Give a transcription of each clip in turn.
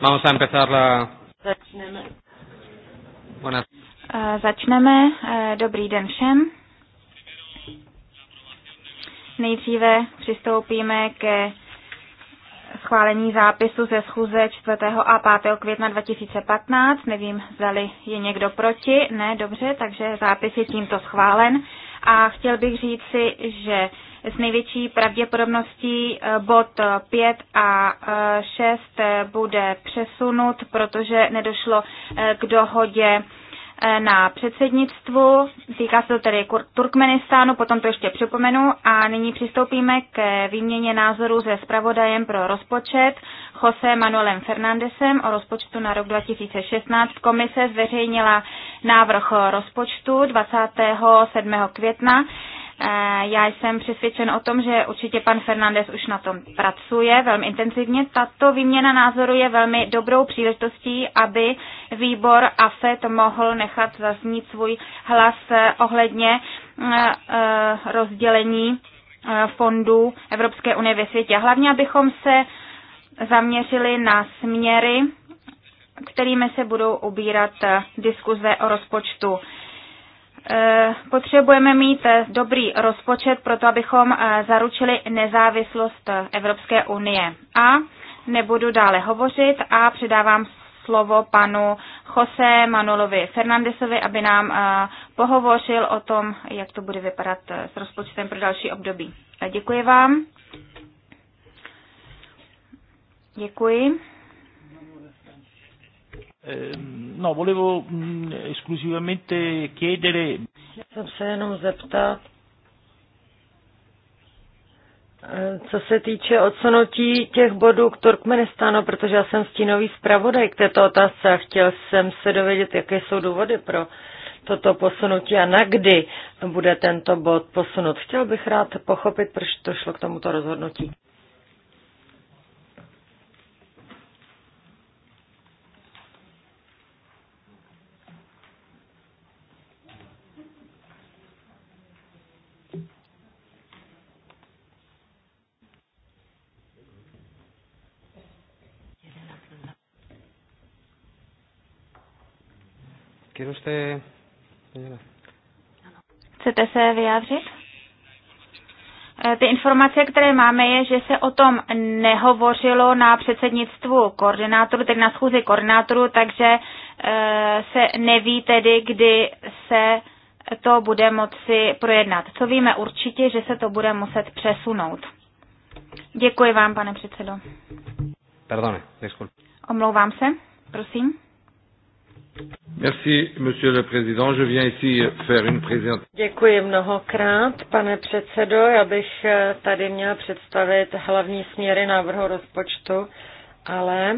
Vamos a empezar la... Začneme. Buenas. Uh, Začneme. Uh, Dobrý den všem. Nejdříve přistoupíme ke schválení zápisu ze schůze 4. a 5. května 2015. Nevím, zdali je někdo proti. Ne, dobře, takže zápis je tímto schválen. A chtěl bych říci, že s největší pravděpodobností eh, bod 5 a 6 eh, eh, bude přesunut, protože nedošlo k dohodě na předsednictvu. Týká se to tedy Turkmenistánu, potom to ještě připomenu. A nyní přistoupíme k výměně názorů se zpravodajem pro rozpočet Jose Manuelem Fernandesem o rozpočtu na rok 2016. Komise zveřejnila návrh rozpočtu 27. května. Eh, já jsem přesvědčen o tom, že určitě pan Fernandez už na tom pracuje velmi intenzivně. Tato výměna názoru je velmi dobrou příležitostí, aby výbor AFET mohl nechat zaznít svůj hlas eh, ohledně eh, rozdělení fondů Evropské unie ve světě. Hlavně, abychom se zaměřili na směry, kterými se budou ubírat diskuze o rozpočtu. Eh, potřebujeme mít eh, dobrý rozpočet proto, abychom eh, zaručili nezávislost Evropské unie. A nebudu dále hovořit a předávám slovo panu Jose Manolovi Fernandesovi, aby nám pohovořil o tom, jak to bude vypadat s rozpočtem pro další období. Děkuji vám. Děkuji. Eh, no, volevo mh, mm, esclusivamente chiedere... Jsem se jenom zeptat, eh, co se týče odsunutí těch bodů k Turkmenistánu, protože já jsem stínový zpravodaj k této otázce a chtěl jsem se dovědět, jaké jsou důvody pro toto posunutí a na kdy bude tento bod posunut. Chtěl bych rád pochopit, proč to šlo k tomuto rozhodnutí. ¿Quiere usted, Chcete se vyjádřit? Eh, ty informace, které máme, je, že se o tom nehovořilo na předsednictvu koordinátoru, tedy na schůzi koordinátoru, takže eh, se neví tedy, kdy se to bude moci projednat. Co víme určitě, že se to bude muset přesunout. Děkuji vám, pane předsedo. Pardon, disculpe. Omlouvám se, prosím. Merci, monsieur le président. Je viens ici faire une présentation. Děkuji mnohokrát, pane předsedo. Já bych eh, tady měla představit hlavní směry návrhu rozpočtu, ale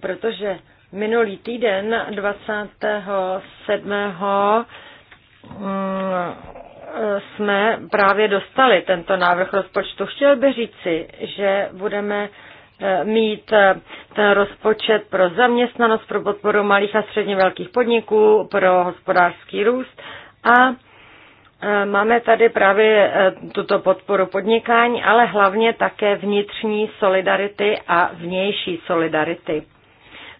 protože minulý týden 27 mm, eh, jsme právě dostali tento návrh rozpočtu. Chtěl bych říci, že budeme Eh, mít eh, ten rozpočet pro zaměstnanost, pro podporu malých a středně velkých podniků, pro hospodářský růst a eh, Máme tady právě tuto podporu podnikání, ale hlavně také vnitřní solidarity a vnější solidarity.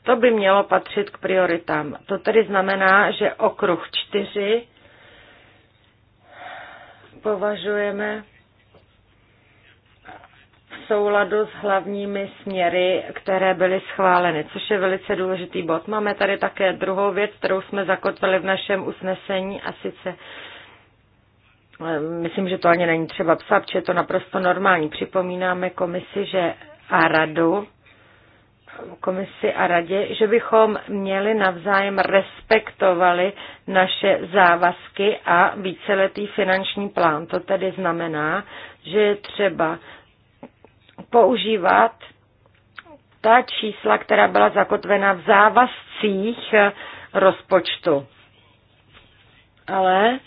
To by mělo patřit k prioritám. To tedy znamená, že okruh čtyři považujeme v souladu s hlavními směry, které byly schváleny, což je velice důležitý bod. Máme tady také druhou věc, kterou jsme zakotvili v našem usnesení a sice eh, myslím, že to ani není třeba psát, že je to naprosto normální. Připomínáme komisi, že a radu, komisi a radě, že bychom měli navzájem respektovali naše závazky a víceletý finanční plán. To tedy znamená, že je třeba používat ta čísla, která byla zakotvena v závazcích eh, rozpočtu. Ale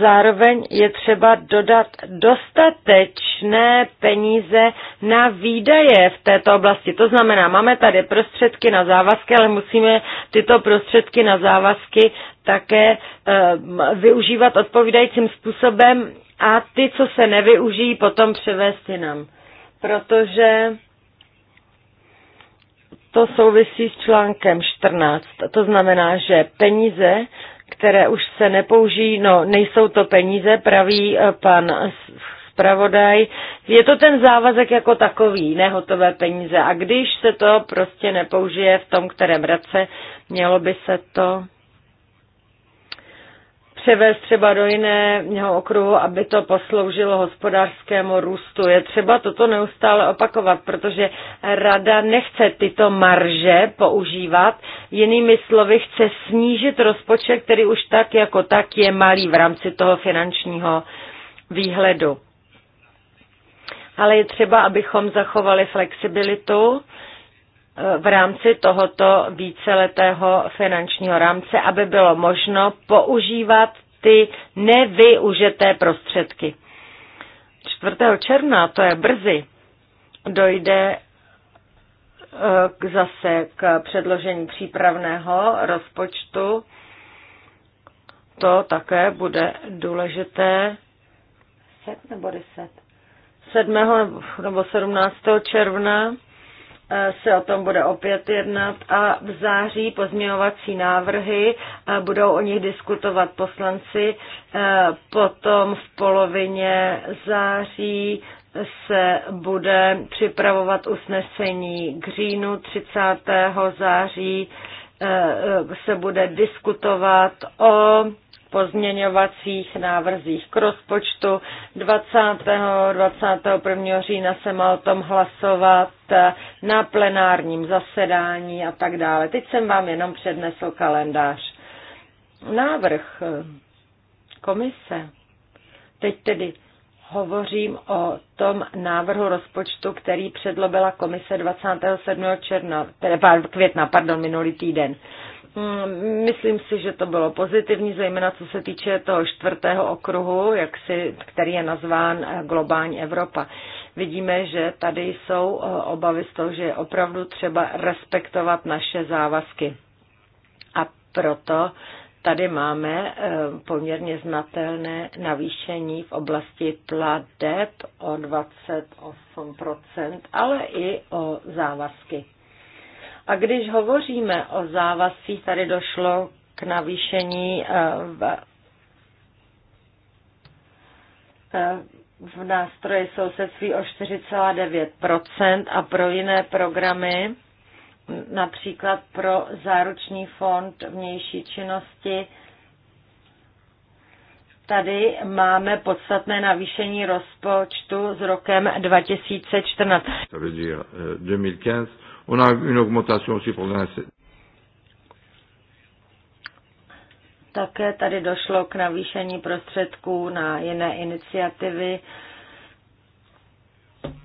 zároveň je třeba dodat dostatečné peníze na výdaje v této oblasti. To znamená, máme tady prostředky na závazky, ale musíme tyto prostředky na závazky také e, využívat odpovídajícím způsobem a ty, co se nevyužijí, potom převést jinam protože to souvisí s článkem 14. To znamená, že peníze, které už se nepoužijí, no nejsou to peníze, praví eh, pan zpravodaj. Je to ten závazek jako takový, nehotové peníze. A když se to prostě nepoužije v tom, kterém roce, mělo by se to převést třeba do jiného okruhu, aby to posloužilo hospodářskému růstu. Je třeba toto neustále opakovat, protože rada nechce tyto marže používat. Jinými slovy, chce snížit rozpočet, který už tak jako tak je malý v rámci toho finančního výhledu. Ale je třeba, abychom zachovali flexibilitu v rámci tohoto víceletého finančního rámce, aby bylo možno používat ty nevyužité prostředky. 4. června, to je brzy, dojde eh, k zase k předložení přípravného rozpočtu. To také bude důležité. 7 nebo 10? 7. nebo 17. června E, se o tom bude opět jednat a v září pozměňovací návrhy e, budou o nich diskutovat poslanci. E, potom v polovině září se bude připravovat usnesení k říjnu 30. září se bude diskutovat o pozměňovacích návrzích k rozpočtu. 20. 21. října se má o tom hlasovat na plenárním zasedání a tak dále. Teď jsem vám jenom přednesl kalendář. Návrh komise. Teď tedy hovořím o tom návrhu rozpočtu, který předlobila komise 27. června, teda května, pardon, minulý týden. Hmm, myslím si, že to bylo pozitivní, zejména co se týče toho čtvrtého okruhu, jak si, který je nazván eh, Globální Evropa. Vidíme, že tady jsou eh, obavy z toho, že je opravdu třeba respektovat naše závazky. A proto tady máme eh, poměrně znatelné navýšení v oblasti pladeb o 28%, ale i o závazky. A když hovoříme o závazcích, tady došlo k navýšení eh, v, eh, v nástroji sousedství o 4,9 a pro jiné programy, například pro záruční fond vnější činnosti, tady máme podstatné navýšení rozpočtu s rokem 2014. 2015 On a une augmentation aussi pour le Také tady došlo k navýšení prostředků na jiné iniciativy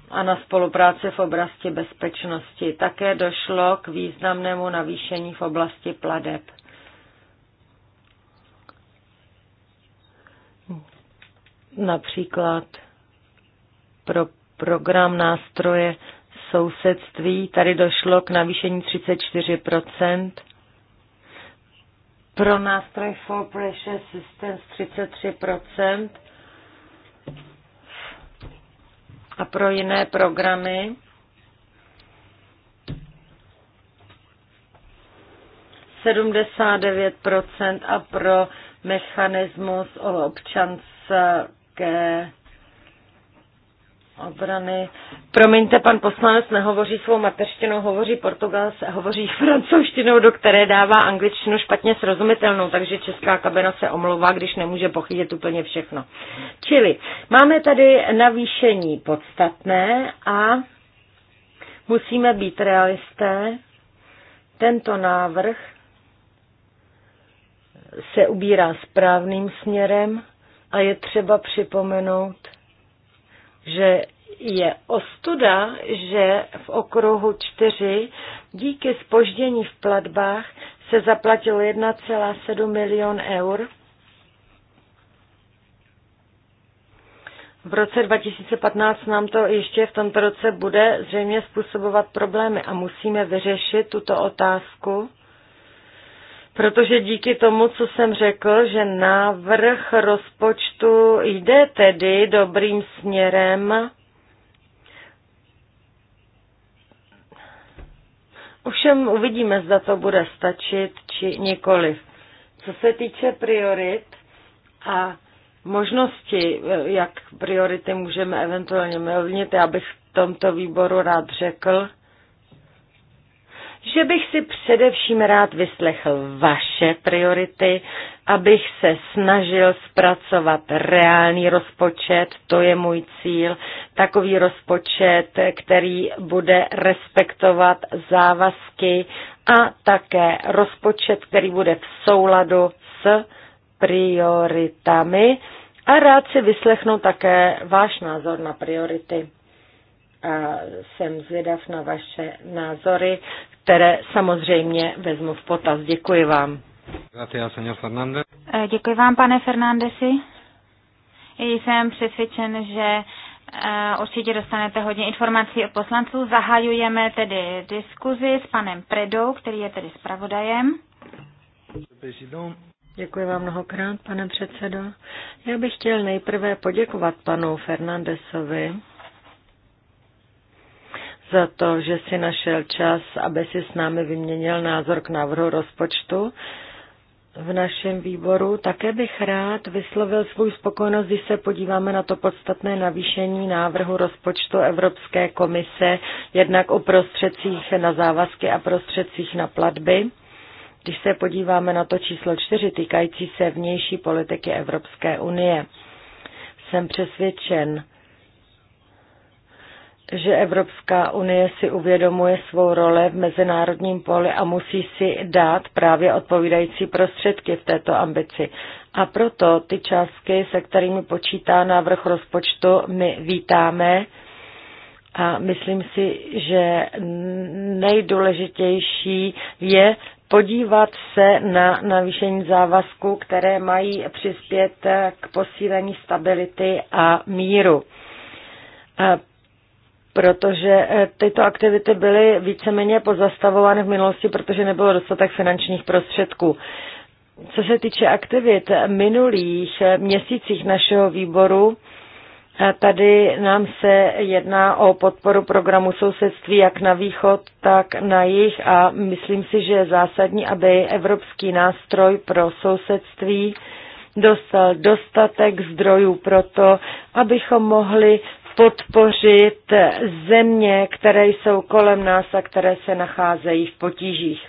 a na spolupráci v oblasti bezpečnosti. Také došlo k významnému navýšení v oblasti pladeb. Například pro program nástroje sousedství. Tady došlo k navýšení 34%. Pro nástroj For Pressure Systems 33%. A pro jiné programy procent a pro mechanismus občanské obrany. Promiňte, pan poslanec nehovoří svou mateřštinou, hovoří portugalskou, hovoří francouzštinou, do které dává angličtinu špatně srozumitelnou, takže česká kabina se omlouvá, když nemůže pochytit úplně všechno. Čili máme tady navýšení podstatné a musíme být realisté. Tento návrh se ubírá správným směrem a je třeba připomenout, že je ostuda, že v okruhu 4 díky spoždění v platbách se zaplatilo 1,7 milion eur. V roce 2015 nám to ještě v tomto roce bude zřejmě způsobovat problémy a musíme vyřešit tuto otázku Protože díky tomu, co jsem řekl, že návrh rozpočtu jde tedy dobrým směrem, Ovšem uvidíme, zda to bude stačit či nikoliv. Co se týče priorit a možnosti, jak priority můžeme eventuálně mělnit, já bych v tomto výboru rád řekl, že bych si především rád vyslechl vaše priority, abych se snažil zpracovat reálný rozpočet, to je můj cíl, takový rozpočet, který bude respektovat závazky a také rozpočet, který bude v souladu s prioritami. A rád si vyslechnu také váš názor na priority a jsem zvědav na vaše názory, které samozřejmě vezmu v potaz. Děkuji vám. E, děkuji vám, pane Fernandesi. Jsem přesvědčen, že e, určitě dostanete hodně informací od poslanců. Zahajujeme tedy diskuzi s panem Predou, který je tedy zpravodajem. Děkuji vám mnohokrát, pane předsedo. Já bych chtěl nejprve poděkovat panu Fernandesovi za to, že si našel čas, aby si s námi vyměnil názor k návrhu rozpočtu v našem výboru. Také bych rád vyslovil svou spokojenost, když se podíváme na to podstatné navýšení návrhu rozpočtu Evropské komise, jednak o prostředcích na závazky a prostředcích na platby. Když se podíváme na to číslo čtyři týkající se vnější politiky Evropské unie, jsem přesvědčen, že Evropská unie si uvědomuje svou role v mezinárodním poli a musí si dát právě odpovídající prostředky v této ambici. A proto ty částky, se kterými počítá návrh rozpočtu, my vítáme a myslím si, že nejdůležitější je podívat se na navýšení závazků, které mají přispět k posílení stability a míru protože eh, tyto aktivity byly víceméně pozastavovány v minulosti, protože nebylo dostatek finančních prostředků. Co se týče aktivit eh, minulých eh, měsících našeho výboru, Tady nám se jedná o podporu programu sousedství jak na východ, tak na jih a myslím si, že je zásadní, aby evropský nástroj pro sousedství dostal dostatek zdrojů pro to, abychom mohli podpořit země, které jsou kolem nás a které se nacházejí v potížích.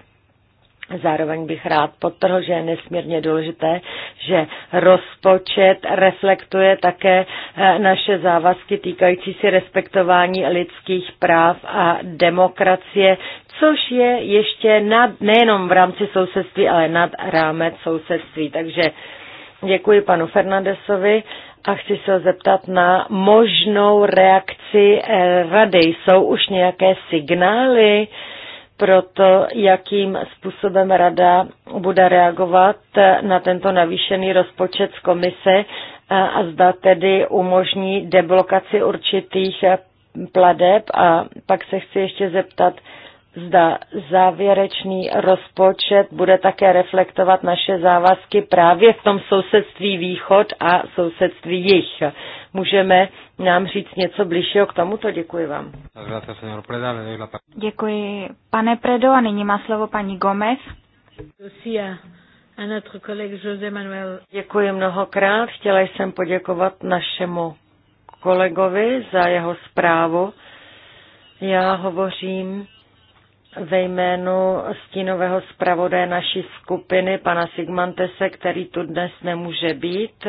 Zároveň bych rád podtrhl, že je nesmírně důležité, že rozpočet reflektuje také eh, naše závazky týkající se respektování lidských práv a demokracie, což je ještě nad, nejenom v rámci sousedství, ale nad rámec sousedství. Takže Děkuji panu Fernandesovi a chci se zeptat na možnou reakci eh, rady. Jsou už nějaké signály pro to, jakým způsobem rada bude reagovat eh, na tento navýšený rozpočet z komise eh, a zda tedy umožní deblokaci určitých pladeb. A pak se chci ještě zeptat, zda závěrečný rozpočet bude také reflektovat naše závazky právě v tom sousedství východ a sousedství jich. Můžeme nám říct něco bližšího k tomuto? Děkuji vám. Děkuji, pane Predo, a nyní má slovo paní Gomez. Manuel. Děkuji mnohokrát. Chtěla jsem poděkovat našemu kolegovi za jeho zprávu. Já hovořím ve jménu stínového zpravodaje naší skupiny, pana Sigmantese, který tu dnes nemůže být.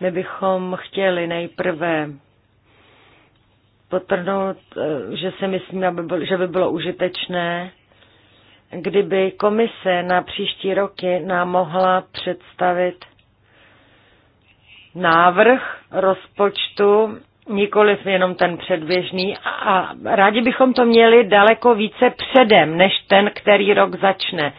My bychom chtěli nejprve potrhnout, že si myslím, aby byl, že by bylo užitečné, kdyby komise na příští roky nám mohla představit návrh rozpočtu nikoliv jenom ten předběžný a rádi bychom to měli daleko více předem, než ten, který rok začne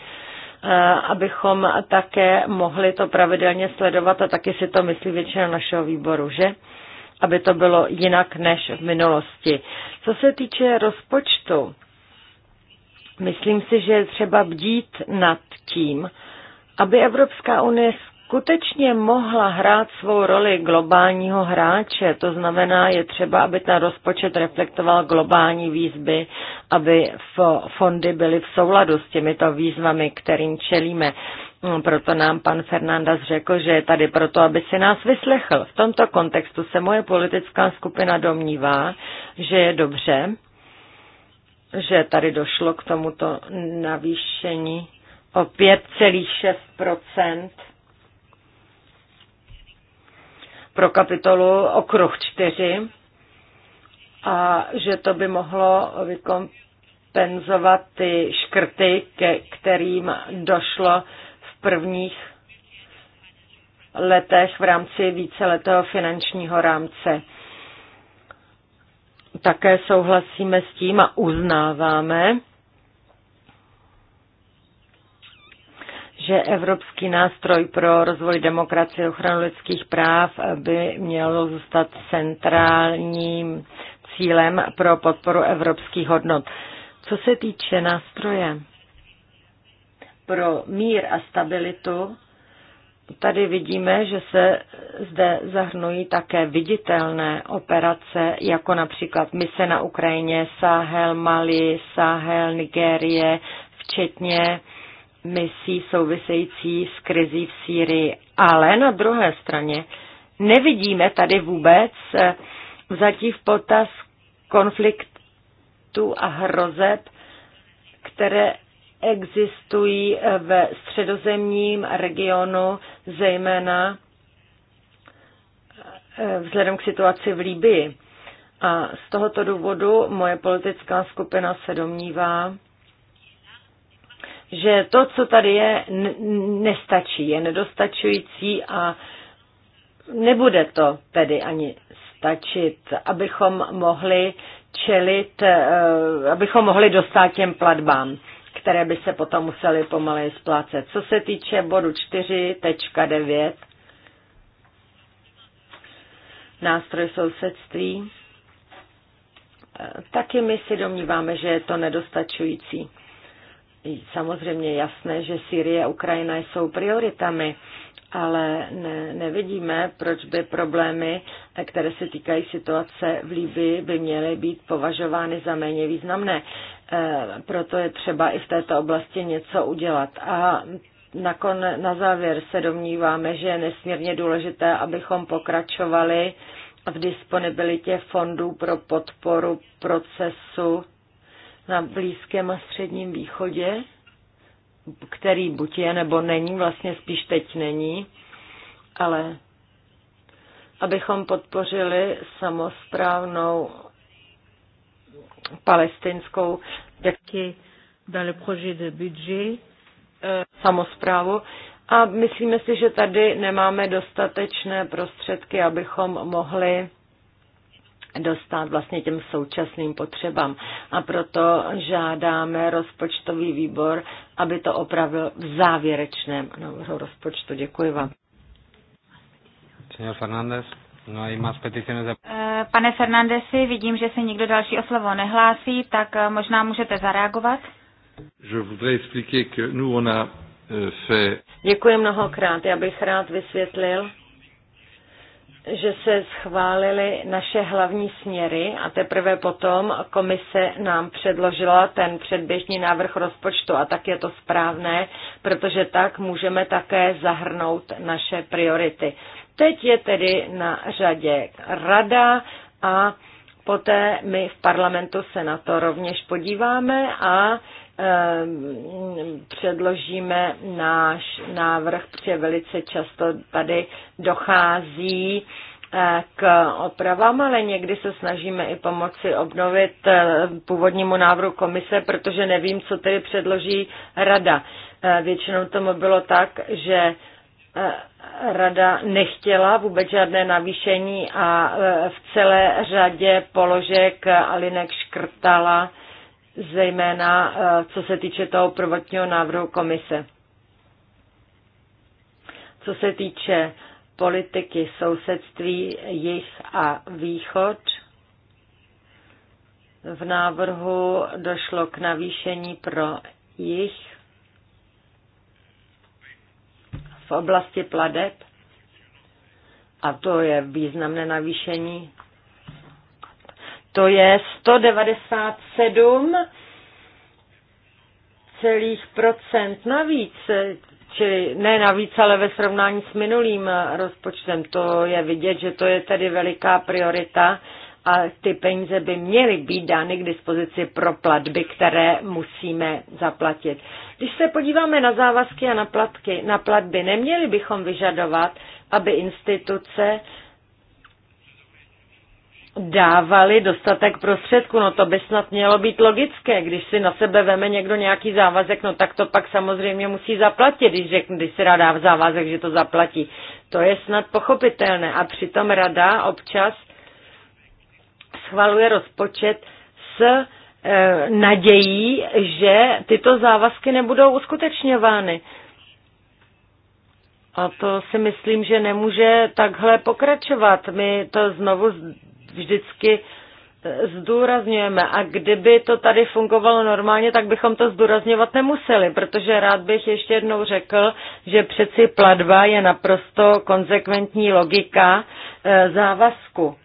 abychom také mohli to pravidelně sledovat a taky si to myslí většina našeho výboru, že? Aby to bylo jinak než v minulosti. Co se týče rozpočtu, myslím si, že je třeba bdít nad tím, aby Evropská unie skutečně mohla hrát svou roli globálního hráče, to znamená, je třeba, aby ten rozpočet reflektoval globální výzvy, aby fondy byly v souladu s těmito výzvami, kterým čelíme. Mm, proto nám pan Fernandez řekl, že je tady proto, aby si nás vyslechl. V tomto kontextu se moje politická skupina domnívá, že je dobře, že tady došlo k tomuto navýšení o 5,6 pro kapitolu okruh 4 a že to by mohlo vykompenzovat ty škrty, ke kterým došlo v prvních letech v rámci víceletého finančního rámce. Také souhlasíme s tím a uznáváme, že Evropský nástroj pro rozvoj demokracie a ochranu lidských práv by mělo zůstat centrálním cílem pro podporu evropských hodnot. Co se týče nástroje pro mír a stabilitu, tady vidíme, že se zde zahrnují také viditelné operace, jako například mise na Ukrajině, Sahel, Mali, Sahel, Nigérie, včetně misí související s krizí v Sýrii. Ale na druhé straně nevidíme tady vůbec eh, vzatí v potaz konfliktů a hrozeb, které existují eh, ve středozemním regionu, zejména eh, vzhledem k situaci v Líbii. A z tohoto důvodu moje politická skupina se domnívá, že to, co tady je, nestačí, je nedostačující a nebude to tedy ani stačit, abychom mohli čelit, eh, abychom mohli dostat těm platbám, které by se potom museli pomaleji splácet. Co se týče bodu 4.9, nástroj sousedství, eh, taky my si domníváme, že je to nedostačující samozřejmě jasné, že Syrie a Ukrajina jsou prioritami, ale ne, nevidíme, proč by problémy, eh, které se týkají situace v Libii, by měly být považovány za méně významné. Eh, proto je třeba i v této oblasti něco udělat. A nakon, na závěr se domníváme, že je nesmírně důležité, abychom pokračovali v disponibilitě fondů pro podporu procesu na Blízkém a Středním východě, který buď je nebo není, vlastně spíš teď není, ale abychom podpořili samozprávnou palestinskou eh, samozprávu. A myslíme si, že tady nemáme dostatečné prostředky, abychom mohli dostat vlastně těm současným potřebám. A proto žádáme rozpočtový výbor, aby to opravil v závěrečném návrhu rozpočtu. Děkuji vám. Senor Fernández. No hay más peticiones de... Eh, pane Fernandesi, vidím, že se nikdo další o slovo nehlásí, tak eh, možná můžete zareagovat. Je voudrais expliquer que nous on a euh, fait... Děkuji mnohokrát, já bych rád vysvětlil, že se schválily naše hlavní směry a teprve potom komise nám předložila ten předběžný návrh rozpočtu a tak je to správné, protože tak můžeme také zahrnout naše priority. Teď je tedy na řadě rada a poté my v parlamentu se na to rovněž podíváme a Ehm, předložíme náš návrh, protože velice často tady dochází eh, k opravám, ale někdy se snažíme i pomoci obnovit eh, původnímu návrhu komise, protože nevím, co tedy předloží rada. Eh, většinou tomu bylo tak, že rada nechtěla vůbec žádné navýšení a v celé řadě položek alinek škrtala zejména eh, co se týče toho prvotního návrhu komise. Co se týče politiky sousedství jich a východ, v návrhu došlo k navýšení pro jich v oblasti pladeb a to je významné navýšení to je 197 celých procent navíc, čili ne navíc, ale ve srovnání s minulým rozpočtem. To je vidět, že to je tedy veliká priorita a ty peníze by měly být dány k dispozici pro platby, které musíme zaplatit. Když se podíváme na závazky a na, platky, na platby, neměli bychom vyžadovat, aby instituce dávali dostatek prostředků. No to by snad mělo být logické. Když si na sebe veme někdo nějaký závazek, no tak to pak samozřejmě musí zaplatit, když řekne, když si rada v závazek, že to zaplatí. To je snad pochopitelné. A přitom rada občas schvaluje rozpočet s e, nadějí, že tyto závazky nebudou uskutečňovány. A to si myslím, že nemůže takhle pokračovat. My to znovu vždycky zdůrazňujeme. A kdyby to tady fungovalo normálně, tak bychom to zdůrazňovat nemuseli, protože rád bych ještě jednou řekl, že přeci platba je naprosto konsekventní logika e, závazku.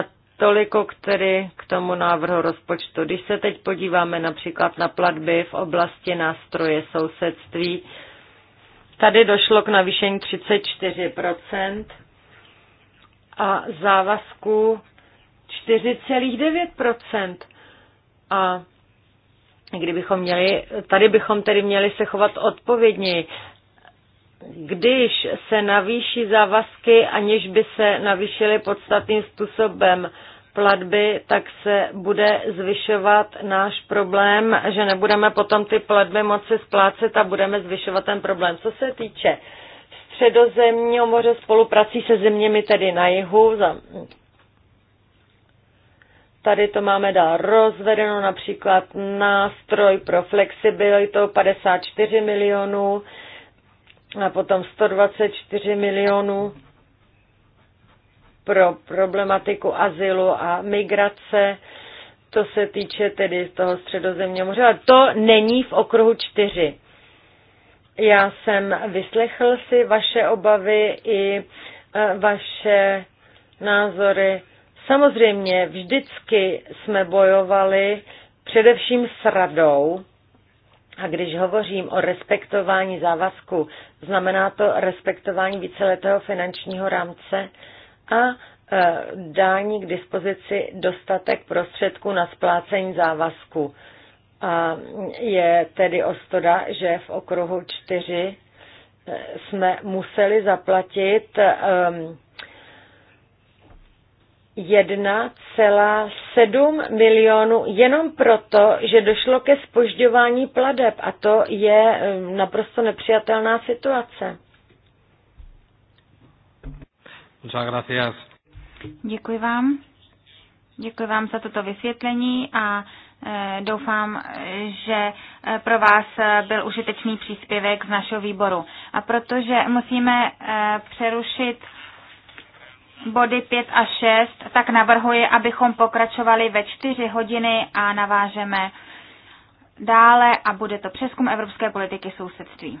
A toliko k tedy k tomu návrhu rozpočtu. Když se teď podíváme například na platby v oblasti nástroje sousedství, tady došlo k navýšení 34 a závazku 4,9 A kdybychom měli, tady bychom tedy měli se chovat odpovědněji. Když se navýší závazky, aniž by se navýšily podstatným způsobem platby, tak se bude zvyšovat náš problém, že nebudeme potom ty platby moci splácet a budeme zvyšovat ten problém. Co se týče středozemního moře spoluprací se zeměmi tedy na jihu. Tady to máme dál rozvedeno, například nástroj pro flexibilitu 54 milionů a potom 124 milionů pro problematiku azylu a migrace, to se týče tedy toho středozemního moře, ale to není v okruhu čtyři. Já jsem vyslechl si vaše obavy i e, vaše názory. Samozřejmě vždycky jsme bojovali především s radou. A když hovořím o respektování závazku, znamená to respektování víceletého finančního rámce a e, dání k dispozici dostatek prostředků na splácení závazku. A je tedy ostoda, že v okruhu čtyři eh, jsme museli zaplatit 1,7 ehm, milionu jenom proto, že došlo ke spožďování pladeb a to je ehm, naprosto nepřijatelná situace. Děkuji vám. Děkuji vám za toto vysvětlení a Eh, doufám, že eh, pro vás eh, byl užitečný příspěvek z našeho výboru. A protože musíme přerušit body 5 a 6, tak navrhuji, abychom pokračovali ve 4 hodiny a navážeme dále a bude to přeskum evropské politiky sousedství.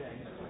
thing.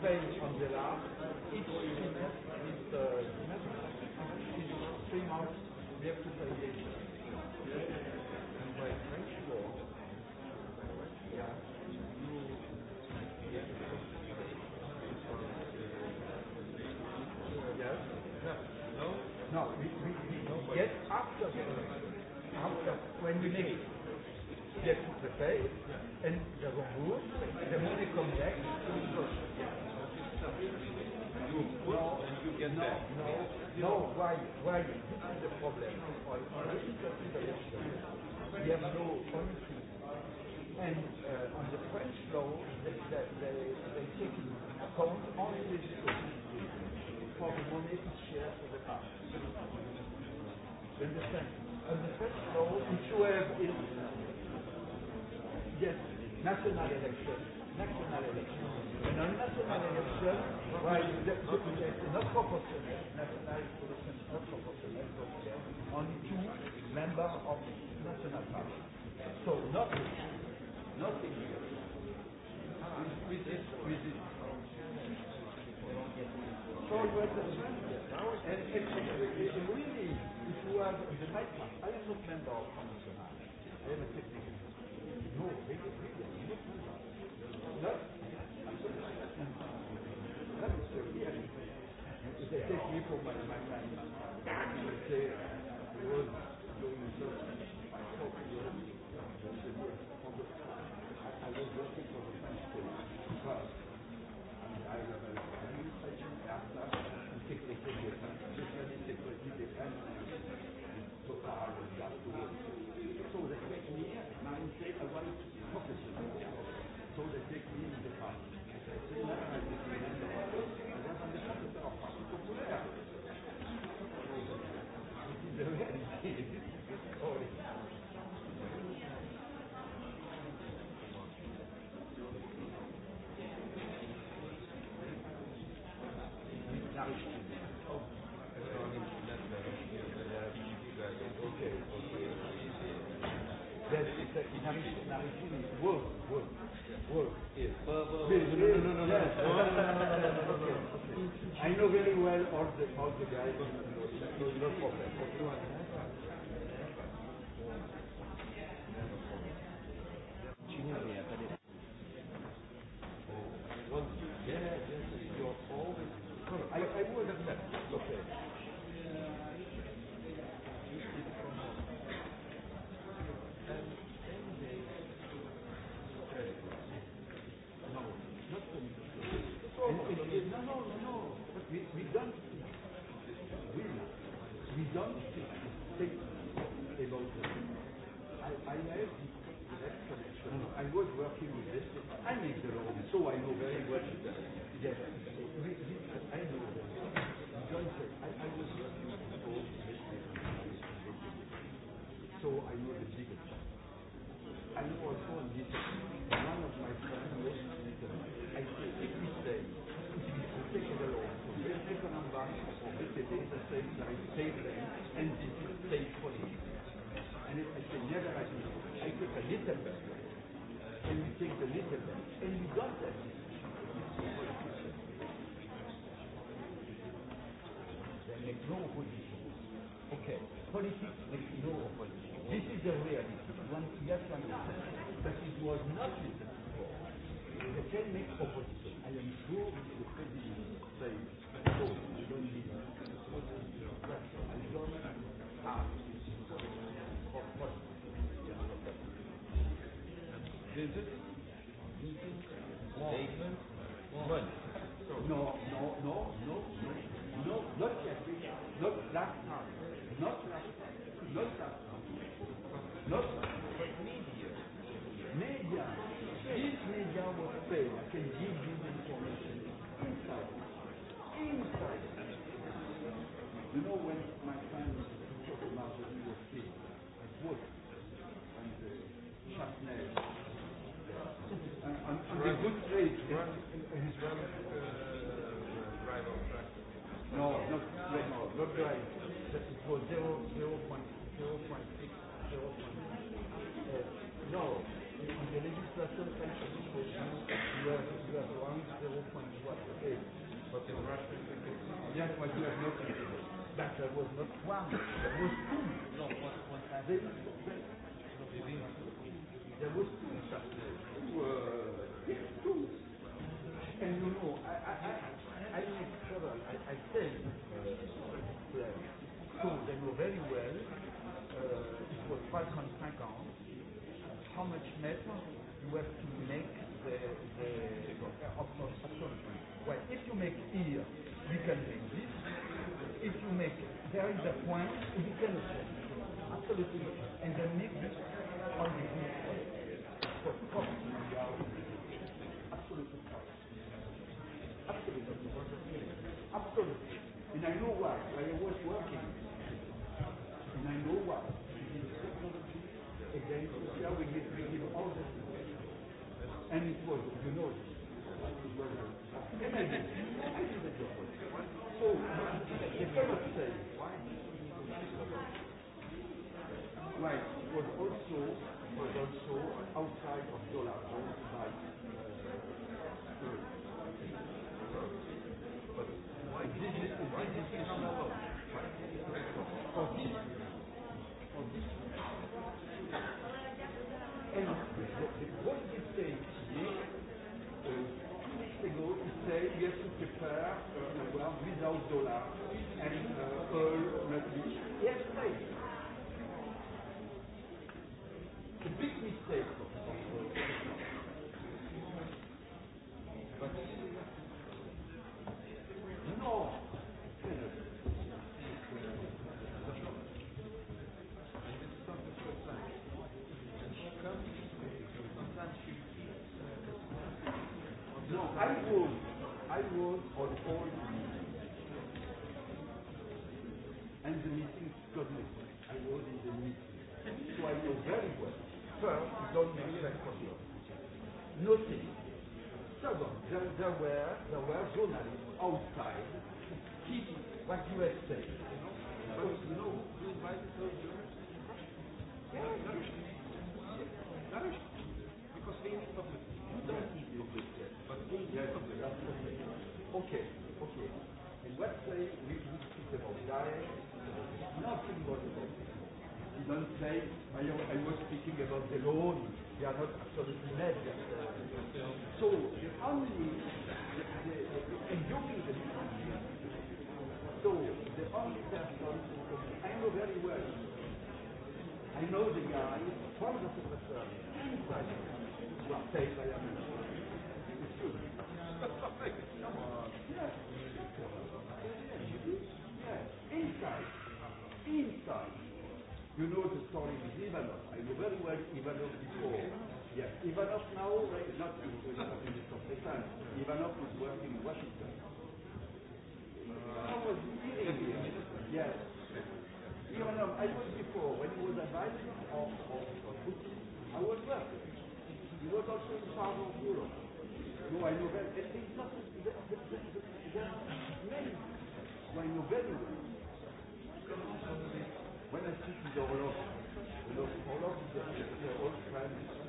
Spain on the last, each business is uh, is three months we have to pay it. And by French law, yeah, you yes, yes, no, no, we, we, we yes after after when we make it, we have to pay, and the rule, the money comes back. Yes, no, no, no, why, why? is the problem. This We have no honesty. And uh, on the French law, they, they, they, they take into account only this for the money share for the past. You understand? On the French law, if you have, yes, national elections, national election. And on national election, while the proportional is not proportional, national election is not proportional, only two members of national party. So nothing, nothing here. With this, with this. So it was a and it's really, if you are the right one, I am not member of Constitutional, I am a technical. all the all the guys on the road. So you're not problem. was not written before. The opposition. I am sure but there was not one, there was two. No, one, one time. There, there, was two such two, uh, two. And you know, I, I, I, I make several, I, I tell uh, so they know very well, uh, it was 550, how much metal you have to make the, the, of, of, of, of, well, if you make here, you can make this, if you make it, there is a point where you can absolutely, and make mix on the for cost. Absolutely. Absolutely. Absolutely. And I know why. I was working. And I know why. And then yeah, we give, we give all this. And it was, you know, it was, and job. So, Right, but also but also outside of dollar. don't say, I, I was speaking about the loan. they are not absolutely mad. Uh, So the only, the, the, enjoying the so the only person, I know very well, I know the guy of the professor, who are paid by America. You know the story with Ivanov. I know very well Ivanov before. Yes, Ivanov now, not in the profession. Ivanov is working in Washington. How was he here? Yes. Ivanov, I was before, when he was advisor of, of, of Putin, I was working. He was also in part of Europe. No, I know very well. There are many who I know very well. When I speak with Orlov, Orlov, Orlov is a, the old prime minister,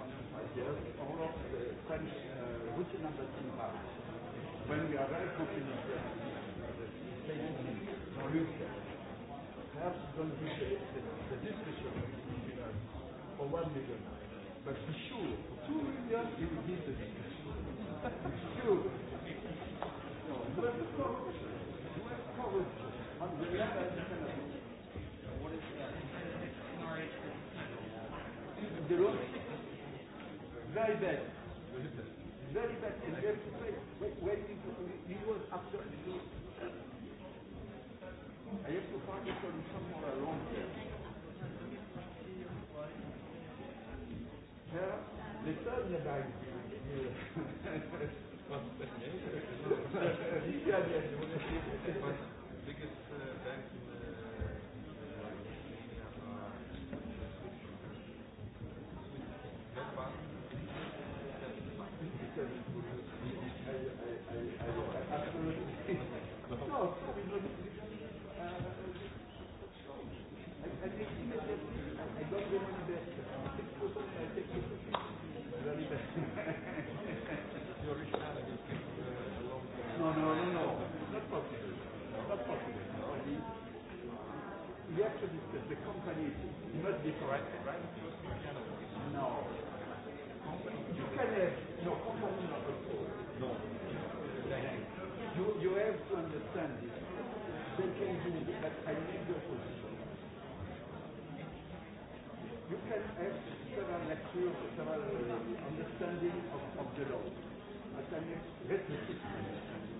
25 years, Orlov is the French uh, Russian embassy in Paris. When we are very confident that Jean-Luc, perhaps don't do the, the, the discussion for one million, but for sure, for two million, he will give the discussion. sure. No, you have the courage. You have courage. On the other hand, de l'homme. Very bad. Very bad. And very when, when he, he was after I have to find a solution for a long term. Her méthode n'est pas ici. company must be correct, right? No. You can have no company not control. No. You, you have to understand this. They can do it, but I need your position. You can have several lectures, several uh, understanding of, of the law. But I need retrospective understanding.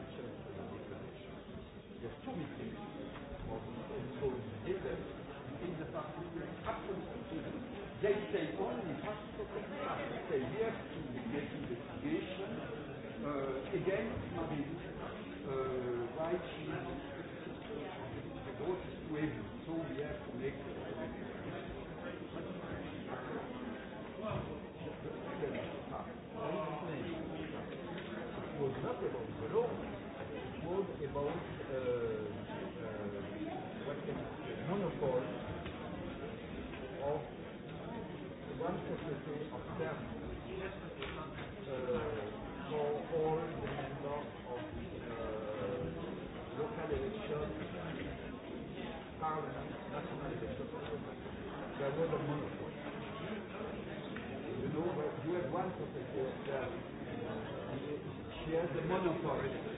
about uh, uh, what is monopole of one society of them uh, for all the members of uh, local elections, parliament, national elections. There was a monopole. You know, but you have one society of them. Uh, She has the monopoly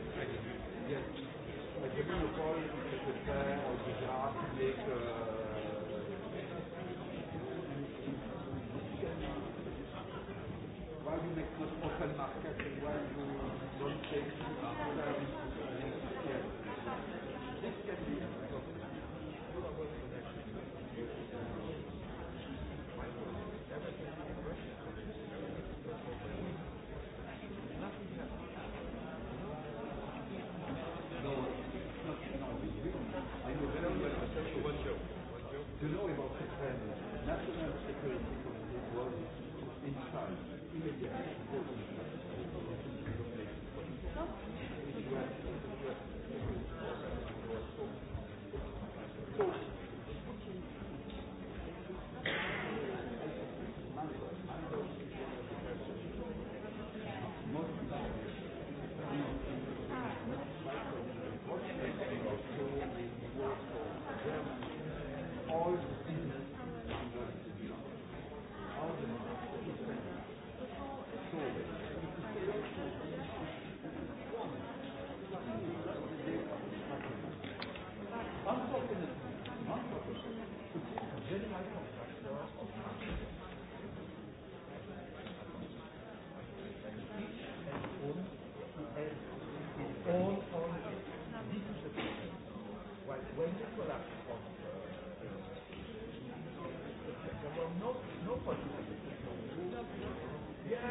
quello poi che per te oggi grafiche you make this open market and why you don't take service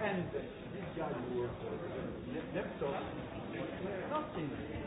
And this guy who was uh, laptop, nothing.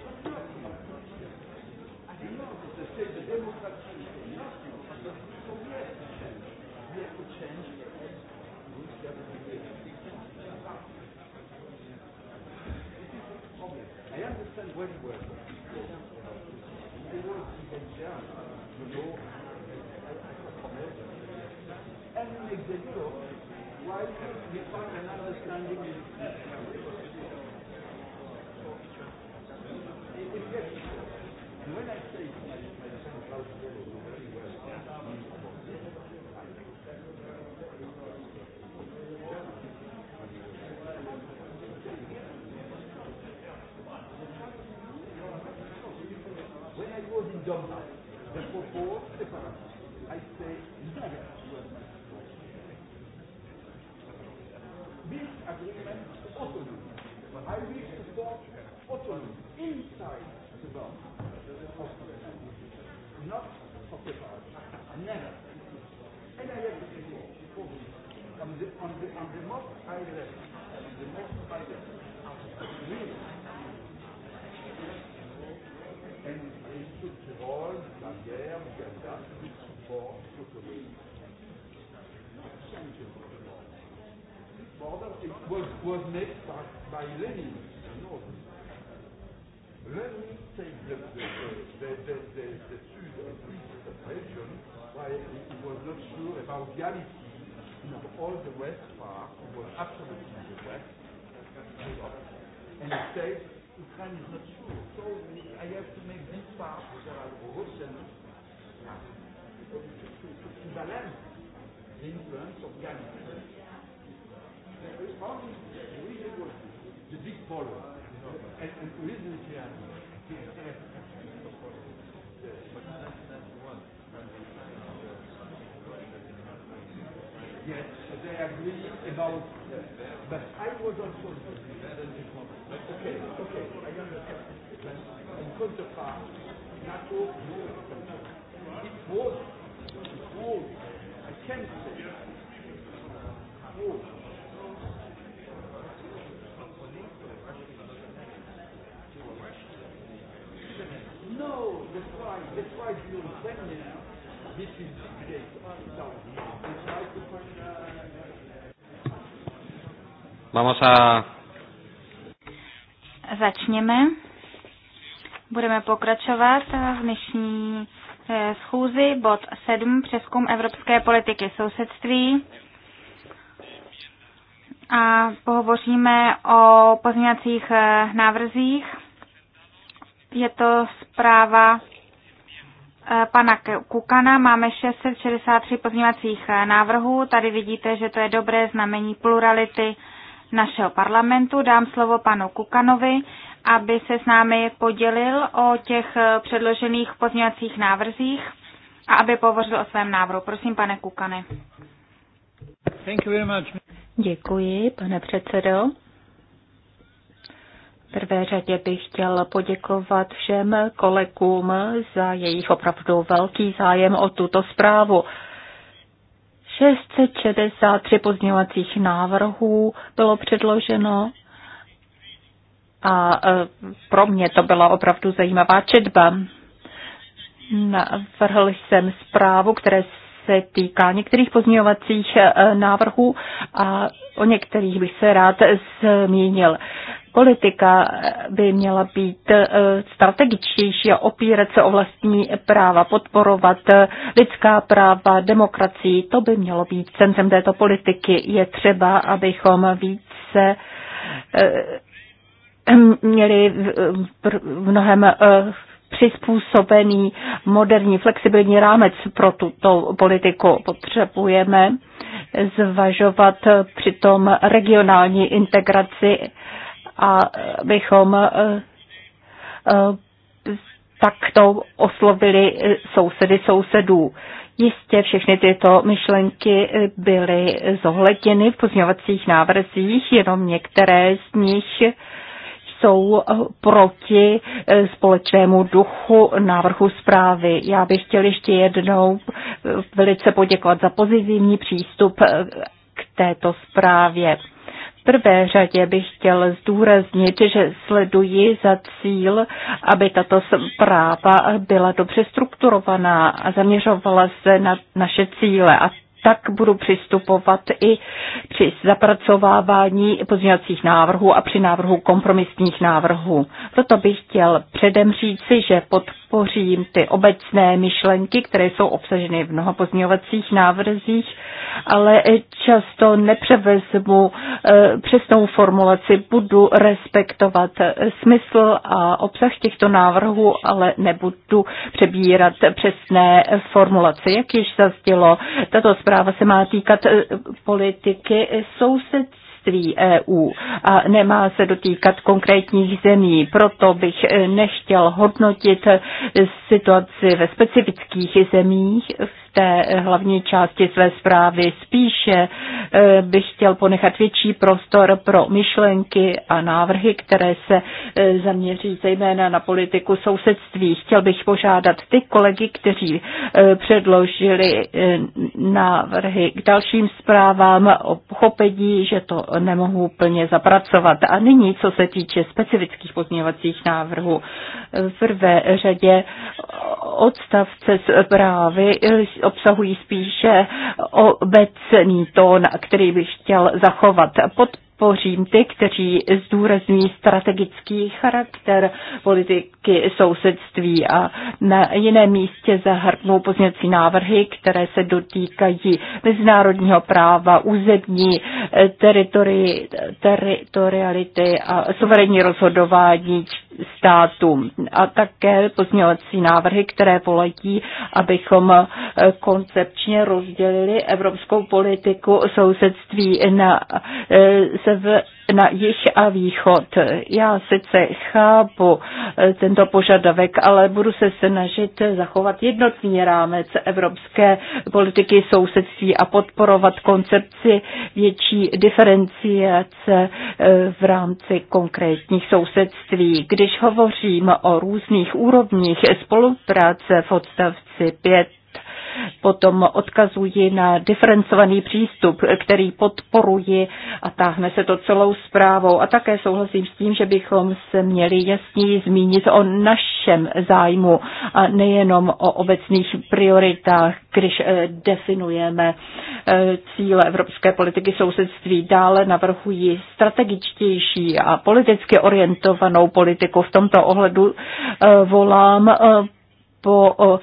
order was, was made by, by Lenin. No. Lenin saved the, the, the, the, the, the Sud and the region by he was not sure about reality. No. All the West part was absolutely the West. And he said, Ukraine is not sure. So I have to make this part that are Russian to, to, balance the influence of Gandhi. Space Mountain really was the big polo. And, and originally Gianni. Yes, they agree about but I was also okay, okay, I understand. But in counterpart, NATO it was it was I can't say Vamos a... Začněme. Budeme pokračovat v dnešní eh, schůzi bod 7 přeskum evropské politiky sousedství a pohovoříme o pozměňovacích eh, návrzích. Je to zpráva Eh, pana Kukana máme 663 pozměňovacích eh, návrhů. Tady vidíte, že to je dobré znamení plurality našeho parlamentu. Dám slovo panu Kukanovi, aby se s námi podělil o těch eh, předložených pozměňovacích návrzích a aby pohovořil o svém návrhu. Prosím, pane Kukane. Děkuji, pane předsedo prvé řadě bych chtěl poděkovat všem kolegům za jejich opravdu velký zájem o tuto zprávu. 663 pozměňovacích návrhů bylo předloženo a e, pro mě to byla opravdu zajímavá četba. Navrhl jsem zprávu, které se týká některých pozměňovacích e, návrhů a o některých bych se rád zmínil politika by měla být eh, strategičtější a opírat se o vlastní práva, podporovat eh, lidská práva, demokracii. To by mělo být centrem této politiky. Je třeba, abychom více eh, měli mnohem přizpůsobený moderní flexibilní rámec pro tuto politiku. Potřebujeme zvažovat přitom regionální integraci a bychom e, e, takto oslovili sousedy sousedů. Jistě všechny tyto myšlenky e, byly zohledněny v pozměňovacích návrzích, jenom některé z nich jsou proti společnému duchu návrhu zprávy. Já bych chtěl ještě jednou velice poděkovat za pozitivní přístup k této zprávě prvé řadě bych chtěl zdůraznit, že sleduji za cíl, aby tato zpráva byla dobře strukturovaná a zaměřovala se na naše cíle. A tak budu přistupovat i při zapracovávání pozměňovacích návrhů a při návrhu kompromisních návrhů. Proto bych chtěl předem říci, že podpořím ty obecné myšlenky, které jsou obsaženy v mnoha pozměňovacích návrzích, ale často nepřevezmu eh, přesnou formulaci, budu respektovat smysl a obsah těchto návrhů, ale nebudu přebírat přesné formulace. Jak již zazdělo, tato zpráva zpráva se má týkat eh, politiky sousedství EU a nemá se dotýkat konkrétních zemí. Proto bych eh, nechtěl hodnotit eh, situaci ve specifických zemích té hlavní části své zprávy. Spíše eh, bych chtěl ponechat větší prostor pro myšlenky a návrhy, které se eh, zaměří zejména na politiku sousedství. Chtěl bych požádat ty kolegy, kteří eh, předložili návrhy k dalším zprávám o pochopení, že to nemohu plně zapracovat. A nyní, co se týče specifických pozměňovacích návrhů, v prvé řadě odstavce zprávy obsahují spíše obecný tón, který bych chtěl zachovat. Pod podpořím ty, kteří zdůrazní strategický charakter politiky sousedství a na jiném místě zahrnou pozněcí návrhy, které se dotýkají mezinárodního práva, územní teritori, teritoriality a suverénní rozhodování státu. A také pozměňovací návrhy, které poletí, abychom eh, koncepčně rozdělili evropskou politiku sousedství na eh, sever na jih a východ. Já sice chápu eh, tento požadavek, ale budu se snažit zachovat jednotný rámec evropské politiky sousedství a podporovat koncepci větší diferenciace eh, v rámci konkrétních sousedství. Když hovořím o různých úrovních spolupráce v odstavci 5, Potom odkazuji na diferencovaný přístup, který podporuji a táhne se to celou zprávou. A také souhlasím s tím, že bychom se měli jasně zmínit o našem zájmu a nejenom o obecných prioritách, když eh, definujeme eh, cíle evropské politiky sousedství. Dále navrhuji strategičtější a politicky orientovanou politiku. V tomto ohledu eh, volám po e,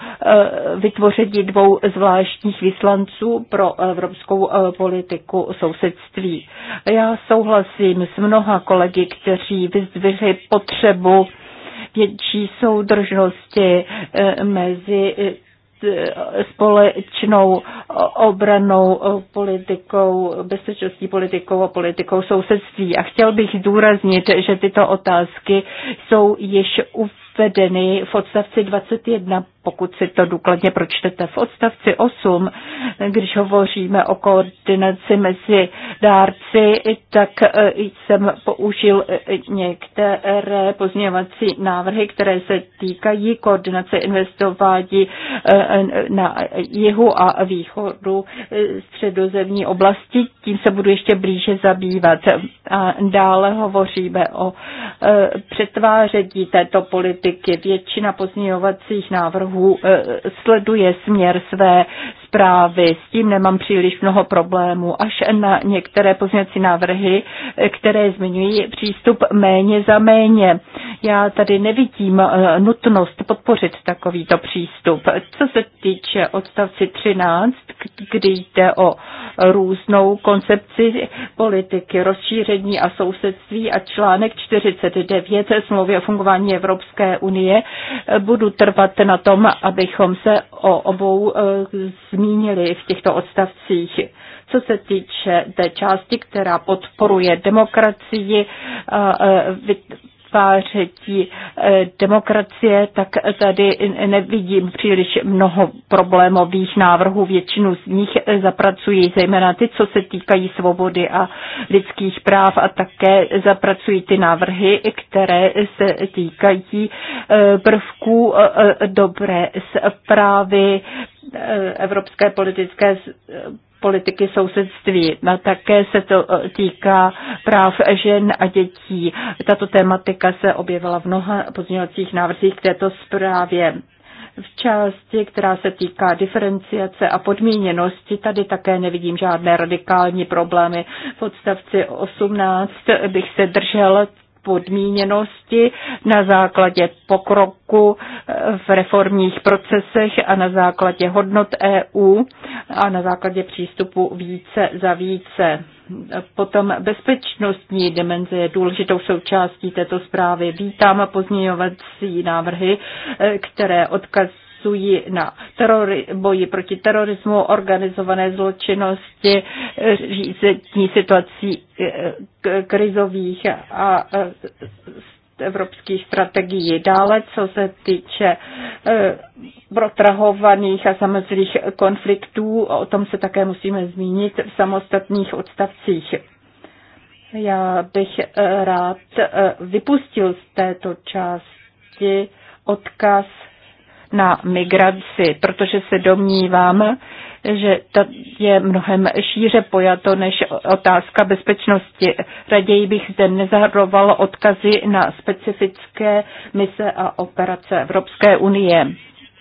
vytvoření dvou zvláštních vyslanců pro evropskou e, politiku sousedství. Já souhlasím s mnoha kolegy, kteří vyzdvihli potřebu větší soudržnosti e, mezi společnou obranou politikou, bezpečnostní politikou a politikou sousedství. A chtěl bych zdůraznit, že tyto otázky jsou již uvedeny v odstavci 21 pokud si to důkladně pročtete v odstavci 8, když hovoříme o koordinaci mezi dárci, tak eh, jsem použil eh, některé pozměňovací návrhy, které se týkají koordinace investování eh, na jihu a východu středozemní oblasti. Tím se budu ještě blíže zabývat. A dále hovoříme o přetváření této politiky. Většina pozměňovacích návrhů EU eh, sleduje směr své zprávy. S tím nemám příliš mnoho problémů, až na některé pozměňovací návrhy, které zmiňují přístup méně za méně. Já tady nevidím eh, nutnost podpořit takovýto přístup. Co se týče odstavci 13, kdy jde o různou koncepci politiky rozšíření a sousedství a článek 49 smlouvy o fungování Evropské unie, eh, budu trvat na tom, abychom se o obou eh, zmínili v těchto odstavcích. Co se týče té části, která podporuje demokracii, eh, vytvářetí eh, demokracie, tak tady nevidím příliš mnoho problémových návrhů. Většinu z nich eh, zapracují zejména ty, co se týkají svobody a lidských práv a také zapracují ty návrhy, které se týkají prvků dobré zprávy, Eh, evropské politické eh, politiky sousedství. A také se to eh, týká práv žen a dětí. Tato tématika se objevila v mnoha pozměňovacích návrzích k této zprávě. V části, která se týká diferenciace a podmíněnosti, tady také nevidím žádné radikální problémy. V odstavci 18 bych se držel podmíněnosti na základě pokroku v reformních procesech a na základě hodnot EU a na základě přístupu více za více. Potom bezpečnostní dimenze je důležitou součástí této zprávy. Vítám pozměňovací návrhy, které odkaz pracují na terori, boji proti terorismu, organizované zločinnosti, řízení situací eh, krizových a eh, evropských strategií. Dále, co se týče eh, protrahovaných a samozřejmě konfliktů, o tom se také musíme zmínit v samostatných odstavcích. Já bych rád vypustil z této části odkaz na migraci, protože se domnívám, že to je mnohem šíře pojato než otázka bezpečnosti. Raději bych zde nezahrnoval odkazy na specifické mise a operace Evropské unie.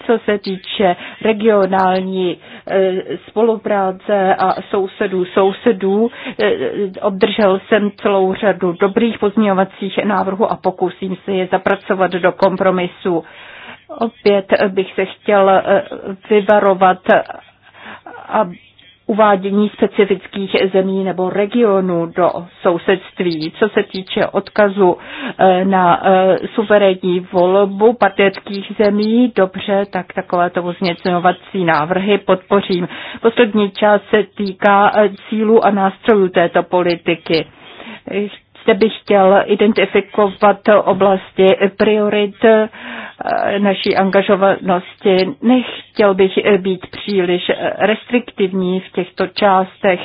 Co se týče regionální e, spolupráce a sousedů sousedů, e, obdržel jsem celou řadu dobrých pozměňovacích návrhů a pokusím se je zapracovat do kompromisu. Opět bych se chtěl eh, vyvarovat eh, a uvádění specifických zemí nebo regionů do sousedství. Co se týče odkazu eh, na suverénní volbu partnerských zemí, dobře, tak takovéto uzněcňovací návrhy podpořím. Poslední část se týká cílů a nástrojů této politiky zde bych chtěl identifikovat oblasti priorit Eh, naší angažovanosti. Nechtěl bych být příliš restriktivní v těchto částech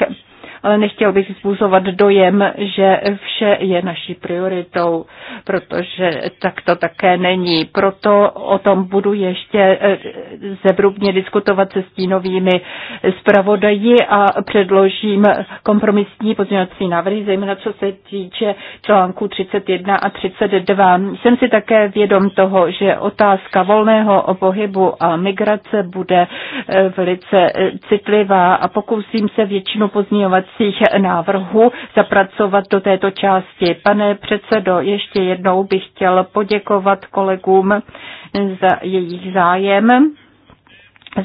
ale nechtěl bych způsobovat dojem, že vše je naší prioritou, protože tak to také není. Proto o tom budu ještě eh, zebrubně diskutovat se stínovými zpravodaji a předložím kompromisní pozměňovací návrhy, zejména co se týče článku 31 a 32. Jsem si také vědom toho, že otázka volného pohybu a migrace bude eh, velice eh, citlivá a pokusím se většinu pozměňovacích pozměňovacích návrhů zapracovat do této části. Pane předsedo, ještě jednou bych chtěl poděkovat kolegům za jejich zájem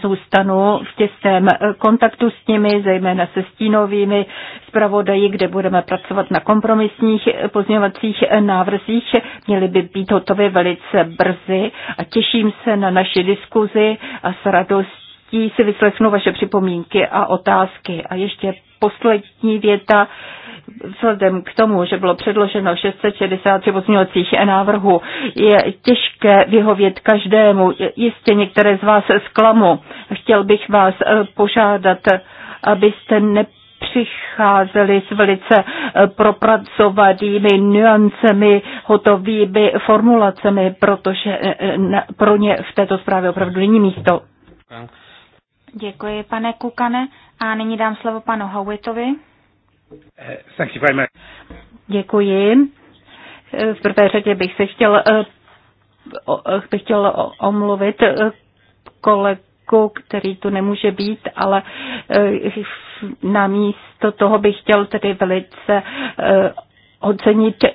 zůstanu v těsném kontaktu s nimi, zejména se stínovými zpravodaji, kde budeme pracovat na kompromisních pozměňovacích návrzích. Měly by být hotové velice brzy a těším se na naši diskuzi a s radostí si vyslechnu vaše připomínky a otázky. A ještě poslední věta vzhledem k tomu, že bylo předloženo 663 pozměňovacích návrhů, je těžké vyhovět každému. Jistě některé z vás zklamu. Chtěl bych vás eh, požádat, abyste ne přicházeli s velice eh, propracovanými nuancemi, hotovými formulacemi, protože eh, pro ně v této zprávě opravdu není místo. Děkuji, pane Kukane. A nyní dám slovo panu Howitovi. Děkuji. V prvé řadě bych se chtěl, eh, eh, bych chtěl omluvit eh, kolegu, který tu nemůže být, ale na místo toho bych chtěl tedy velice ocenit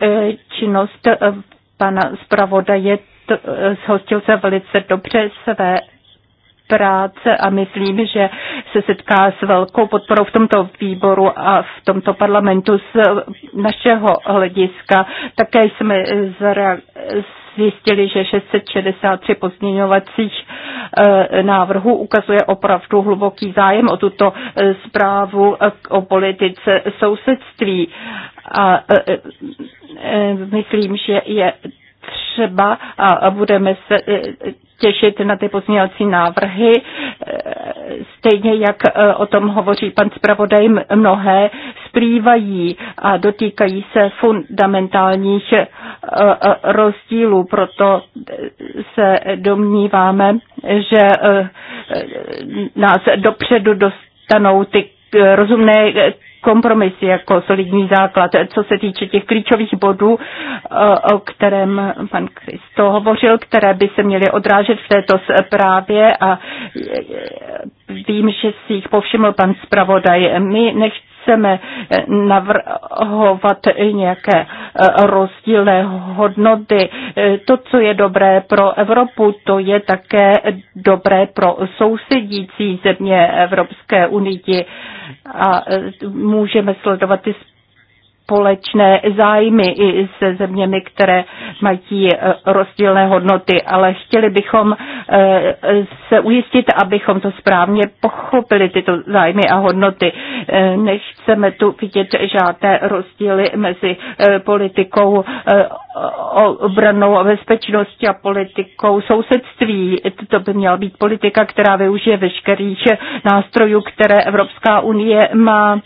činnost pana zpravodaje. Zhostil se velice dobře své práce a myslím, že se setká s velkou podporou v tomto výboru a v tomto parlamentu z našeho hlediska. Také jsme zjistili, že 663 pozměňovacích eh, návrhů ukazuje opravdu hluboký zájem o tuto eh, zprávu eh, o politice sousedství. A myslím, že je třeba a budeme se těšit na ty pozměňovací návrhy. E, stejně jak e, o tom hovoří pan zpravodaj, mnohé splývají a dotýkají se fundamentálních e, rozdílů. Proto se domníváme, že nás dopředu dostanou ty rozumné kompromis jako solidní základ. Co se týče těch klíčových bodů, eh, o kterém pan Kristo hovořil, které by se měly odrážet v této zprávě a eh, vím, že si jich povšiml pan zpravodaj. My nechci nechceme eh, navrhovat nějaké eh, rozdílné hodnoty. Eh, to, co je dobré pro Evropu, to je také dobré pro sousedící země Evropské unii a můžeme sledovat ty společné zájmy i se zeměmi, které mají e, rozdílné hodnoty, ale chtěli bychom e, se ujistit, abychom to správně pochopili, tyto zájmy a hodnoty. E, nechceme tu vidět žádné rozdíly mezi politikou obranou a bezpečností a politikou sousedství. To by měla být politika, která využije veškerých nástrojů, které Evropská unie má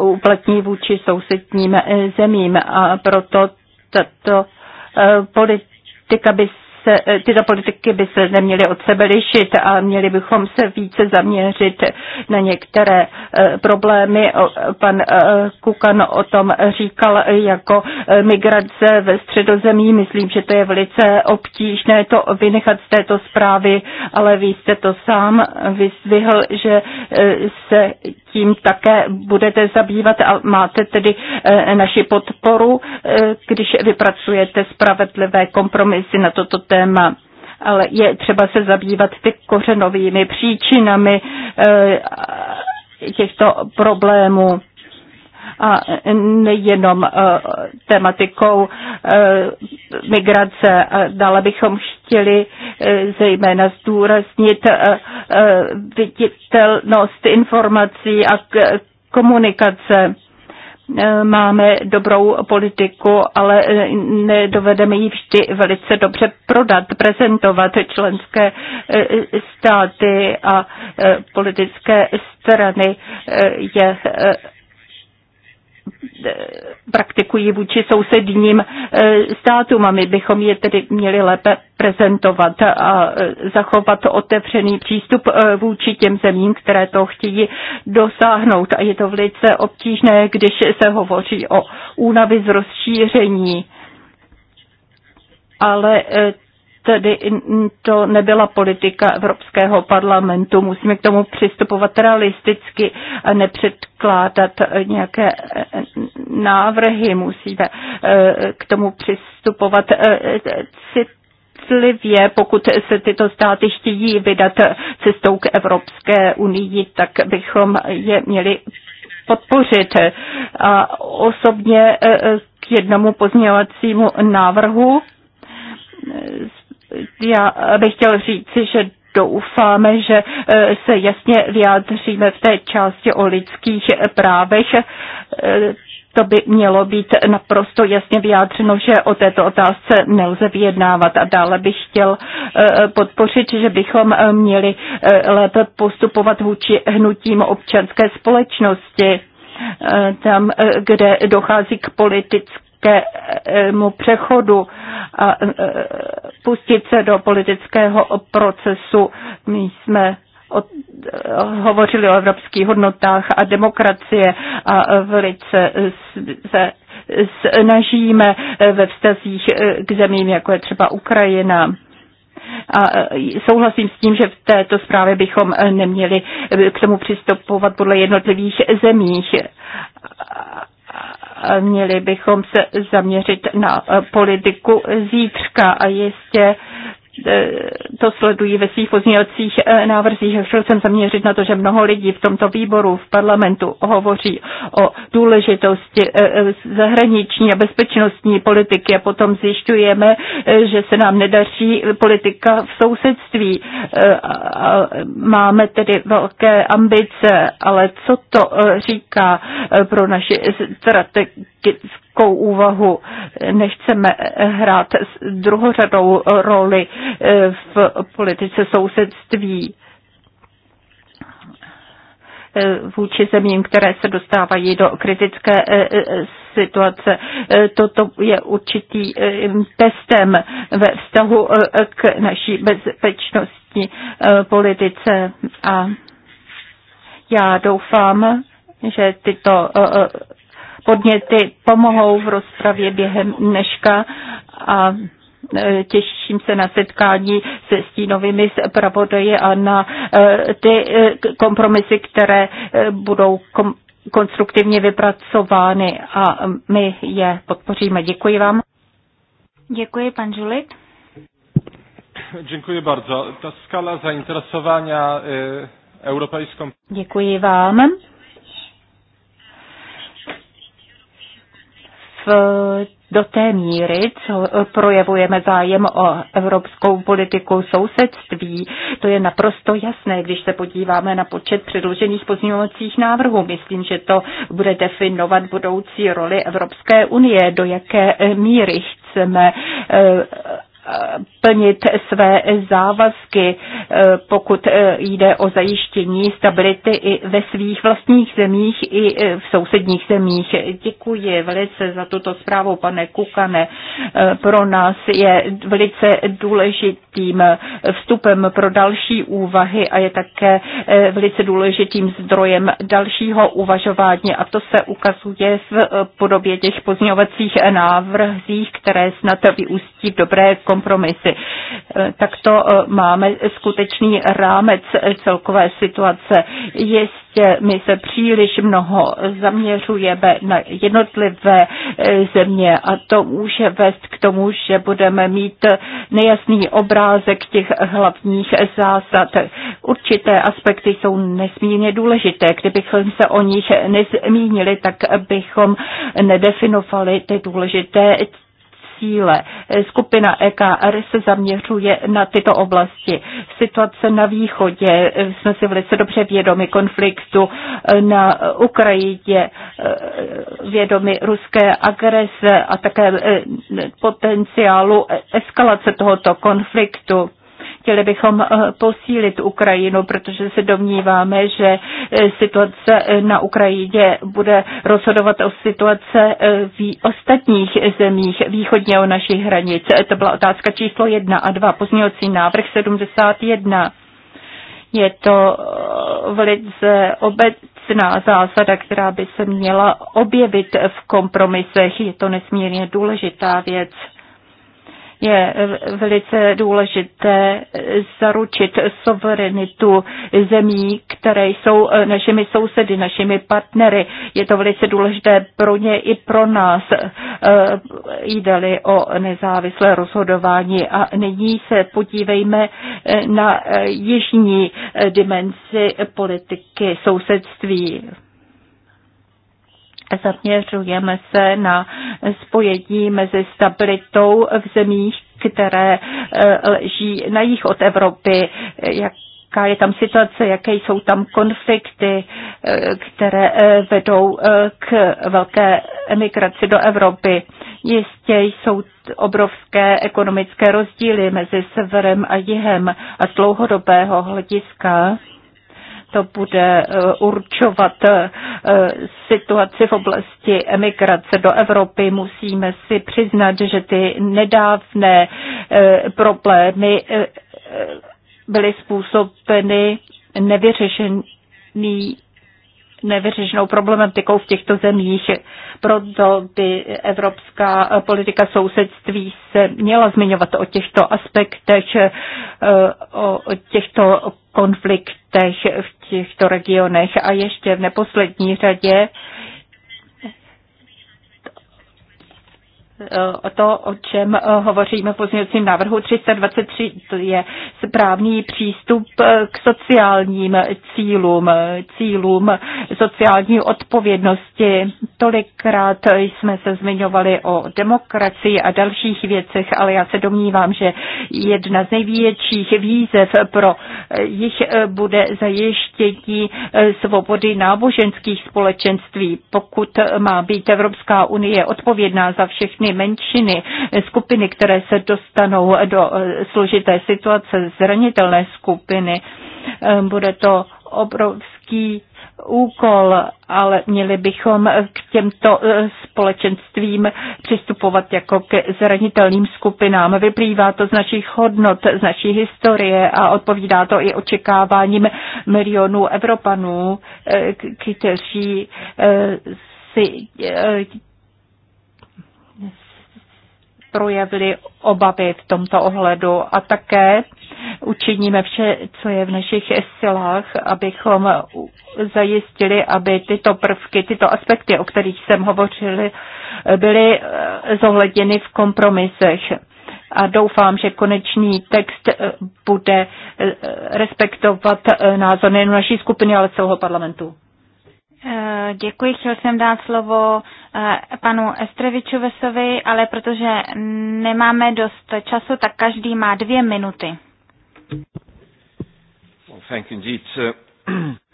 uplatní vůči sousedním eh, zemím a proto tato eh, politika by se, eh, tyto politiky by se neměly od sebe lišit a měli bychom se více zaměřit na některé eh, problémy. Pan eh, Kukan o tom říkal jako migrace ve středozemí. Myslím, že to je velice obtížné to vynechat z této zprávy, ale vy jste to sám vyzvihl, že se tím také budete zabývat a máte tedy naši podporu, když vypracujete spravedlivé kompromisy na toto téma téma ale je třeba se zabývat ty kořenovými příčinami eh, těchto problémů a nejenom eh, tematikou eh, migrace. Dále bychom chtěli zejména zdůraznit viditelnost informací a komunikace Eh, máme dobrou politiku, ale eh, nedovedeme ji vždy velice dobře prodat, prezentovat členské eh, státy a politické strany je E, praktikují vůči sousedním e, státům a my bychom je tedy měli lépe prezentovat a e, zachovat otevřený přístup vůči těm zemím, které to chtějí dosáhnout. A je to velice obtížné, když se hovoří o únavy z rozšíření. Ale tedy to nebyla politika Evropského parlamentu. Musíme k tomu přistupovat realisticky a nepředkládat nějaké návrhy. Musíme eh, k tomu přistupovat eh, citlivě, pokud se tyto státy chtějí vydat cestou k Evropské unii, tak bychom je měli podpořit. A osobně eh, k jednomu pozměňovacímu návrhu já bych chtěl říci, že doufáme, že se jasně vyjádříme v té části o lidských právech to by mělo být naprosto jasně vyjádřeno, že o této otázce nelze vyjednávat. A dále bych chtěl eh, podpořit, že bychom eh, měli eh, lépe postupovat vůči hnutím občanské společnosti, tam, kde dochází k politickému přechodu a pustit se do politického procesu. My jsme o, hovořili o evropských hodnotách a demokracie a velice se snažíme ve vztazích k zemím, jako je třeba Ukrajina. A souhlasím s tím, že v této zprávě bychom neměli k tomu přistupovat podle jednotlivých zemích. Měli bychom se zaměřit na politiku zítřka a jistě Eh, to sledují ve svých pozměňovacích eh, návrzích. Chtěl jsem zaměřit na to, že mnoho lidí v tomto výboru v parlamentu hovoří o důležitosti eh, zahraniční a bezpečnostní politiky a potom zjišťujeme, že se nám nedaří politika v sousedství. Máme tedy velké ambice, ale co to říká pro naši strategickou politickou úvahu. Nechceme hrát druhořadou roli eh, v politice sousedství eh, vůči zemím, které se dostávají do kritické eh, situace. Toto je určitý testem ve vztahu k naší bezpečnostní politice a já doufám, že tyto podněty pomohou v rozpravě během dneška a e, těším se na setkání se stínovými zpravodaji a na e, ty e, kompromisy, které budou kom- konstruktivně vypracovány a my je podpoříme. Děkuji vám. Děkuji, pan Žulit. Děkuji bardzo. Ta skala zainteresowania europejską. Děkuji vám. do té míry, co projevujeme zájem o evropskou politiku sousedství. To je naprosto jasné, když se podíváme na počet předložených pozměňovacích návrhů. Myslím, že to bude definovat budoucí roli Evropské unie, do jaké míry chceme eh, plnit své závazky, eh, pokud eh, jde o zajištění stability i ve svých vlastních zemích, i eh, v sousedních zemích. Děkuji velice za tuto zprávu, pane Kukane. Pro nás je velice důležitým vstupem pro další úvahy a je také velice důležitým zdrojem dalšího uvažování a to se ukazuje v podobě těch pozňovacích návrhů, které snad vyústí v dobré komunikaci kompromisy. Eh, Takto eh, máme skutečný rámec celkové situace. Jistě my se příliš mnoho zaměřujeme na jednotlivé eh, země a to může vést k tomu, že budeme mít nejasný obrázek těch hlavních zásad. Určité aspekty jsou nesmírně důležité. Kdybychom se o nich nezmínili, tak bychom nedefinovali ty důležité cíle. Skupina EKR se zaměřuje na tyto oblasti. Situace na východě, jsme si velice dobře vědomi konfliktu na Ukrajině, eh, vědomi ruské agrese a také eh, potenciálu eskalace tohoto konfliktu Chtěli bychom eh, posílit Ukrajinu, protože se domníváme, že eh, situace eh, na Ukrajině bude rozhodovat o situace v ostatních zemích východně o našich hranic. To byla otázka číslo jedna a dva. Pozměňovací návrh 71. Je to velice obecná zásada, která by se měla objevit v kompromisech. Je to nesmírně důležitá věc. Je velice důležité zaručit suverenitu zemí, které jsou našimi sousedy, našimi partnery. Je to velice důležité pro ně i pro nás. Jde-li o nezávislé rozhodování. A nyní se podívejme na jižní dimenzi politiky sousedství. Zaměřujeme se na spojení mezi stabilitou v zemích, které e, leží na jich od Evropy, jak jaká je tam situace, jaké jsou tam konflikty, e, které e, vedou k velké emigraci do Evropy. Jistě jsou obrovské ekonomické rozdíly mezi severem a jihem a z dlouhodobého hlediska to bude eh, určovat eh, situaci v oblasti emigrace do Evropy. Musíme si přiznat, že ty nedávné eh, problémy byly způsobeny nevyřešenými nevyřešenou problematikou v těchto zemích. Proto by evropská politika sousedství se měla zmiňovat o těchto aspektech, eh, o těchto konfliktech v těchto regionech. A ještě v neposlední řadě O to, o čem eh, hovoříme v pozměňovacím návrhu 323, to je správný přístup eh, k sociálním cílům, cílům sociální odpovědnosti. Tolikrát jsme se zmiňovali o demokracii a dalších věcech, ale já se domnívám, že jedna z největších výzev pro jich eh, bude zajištění svobody náboženských společenství. Pokud má být Evropská unie odpovědná za všechny skupiny, menšiny, eh, skupiny, které se dostanou eh, do eh, složité situace, zranitelné skupiny. Bude to obrovský úkol, ale měli bychom k těmto společenstvím přistupovat jako k zranitelným skupinám. Vyplývá to z našich hodnot, z naší historie a odpovídá to i očekáváním milionů Evropanů, kteří si projevili obavy v tomto ohledu a také učiníme vše, co je v našich silách, abychom zajistili, aby tyto prvky, tyto aspekty, o kterých jsem hovořil, byly eh, zohledněny v kompromisech. A doufám, že konečný text eh, bude eh, respektovat názory naší skupiny, ale celého parlamentu. Eh, děkuji, chtěl jsem dát slovo eh, panu Estrevičovesovi, ale protože nemáme dost času, tak každý má dvě minuty.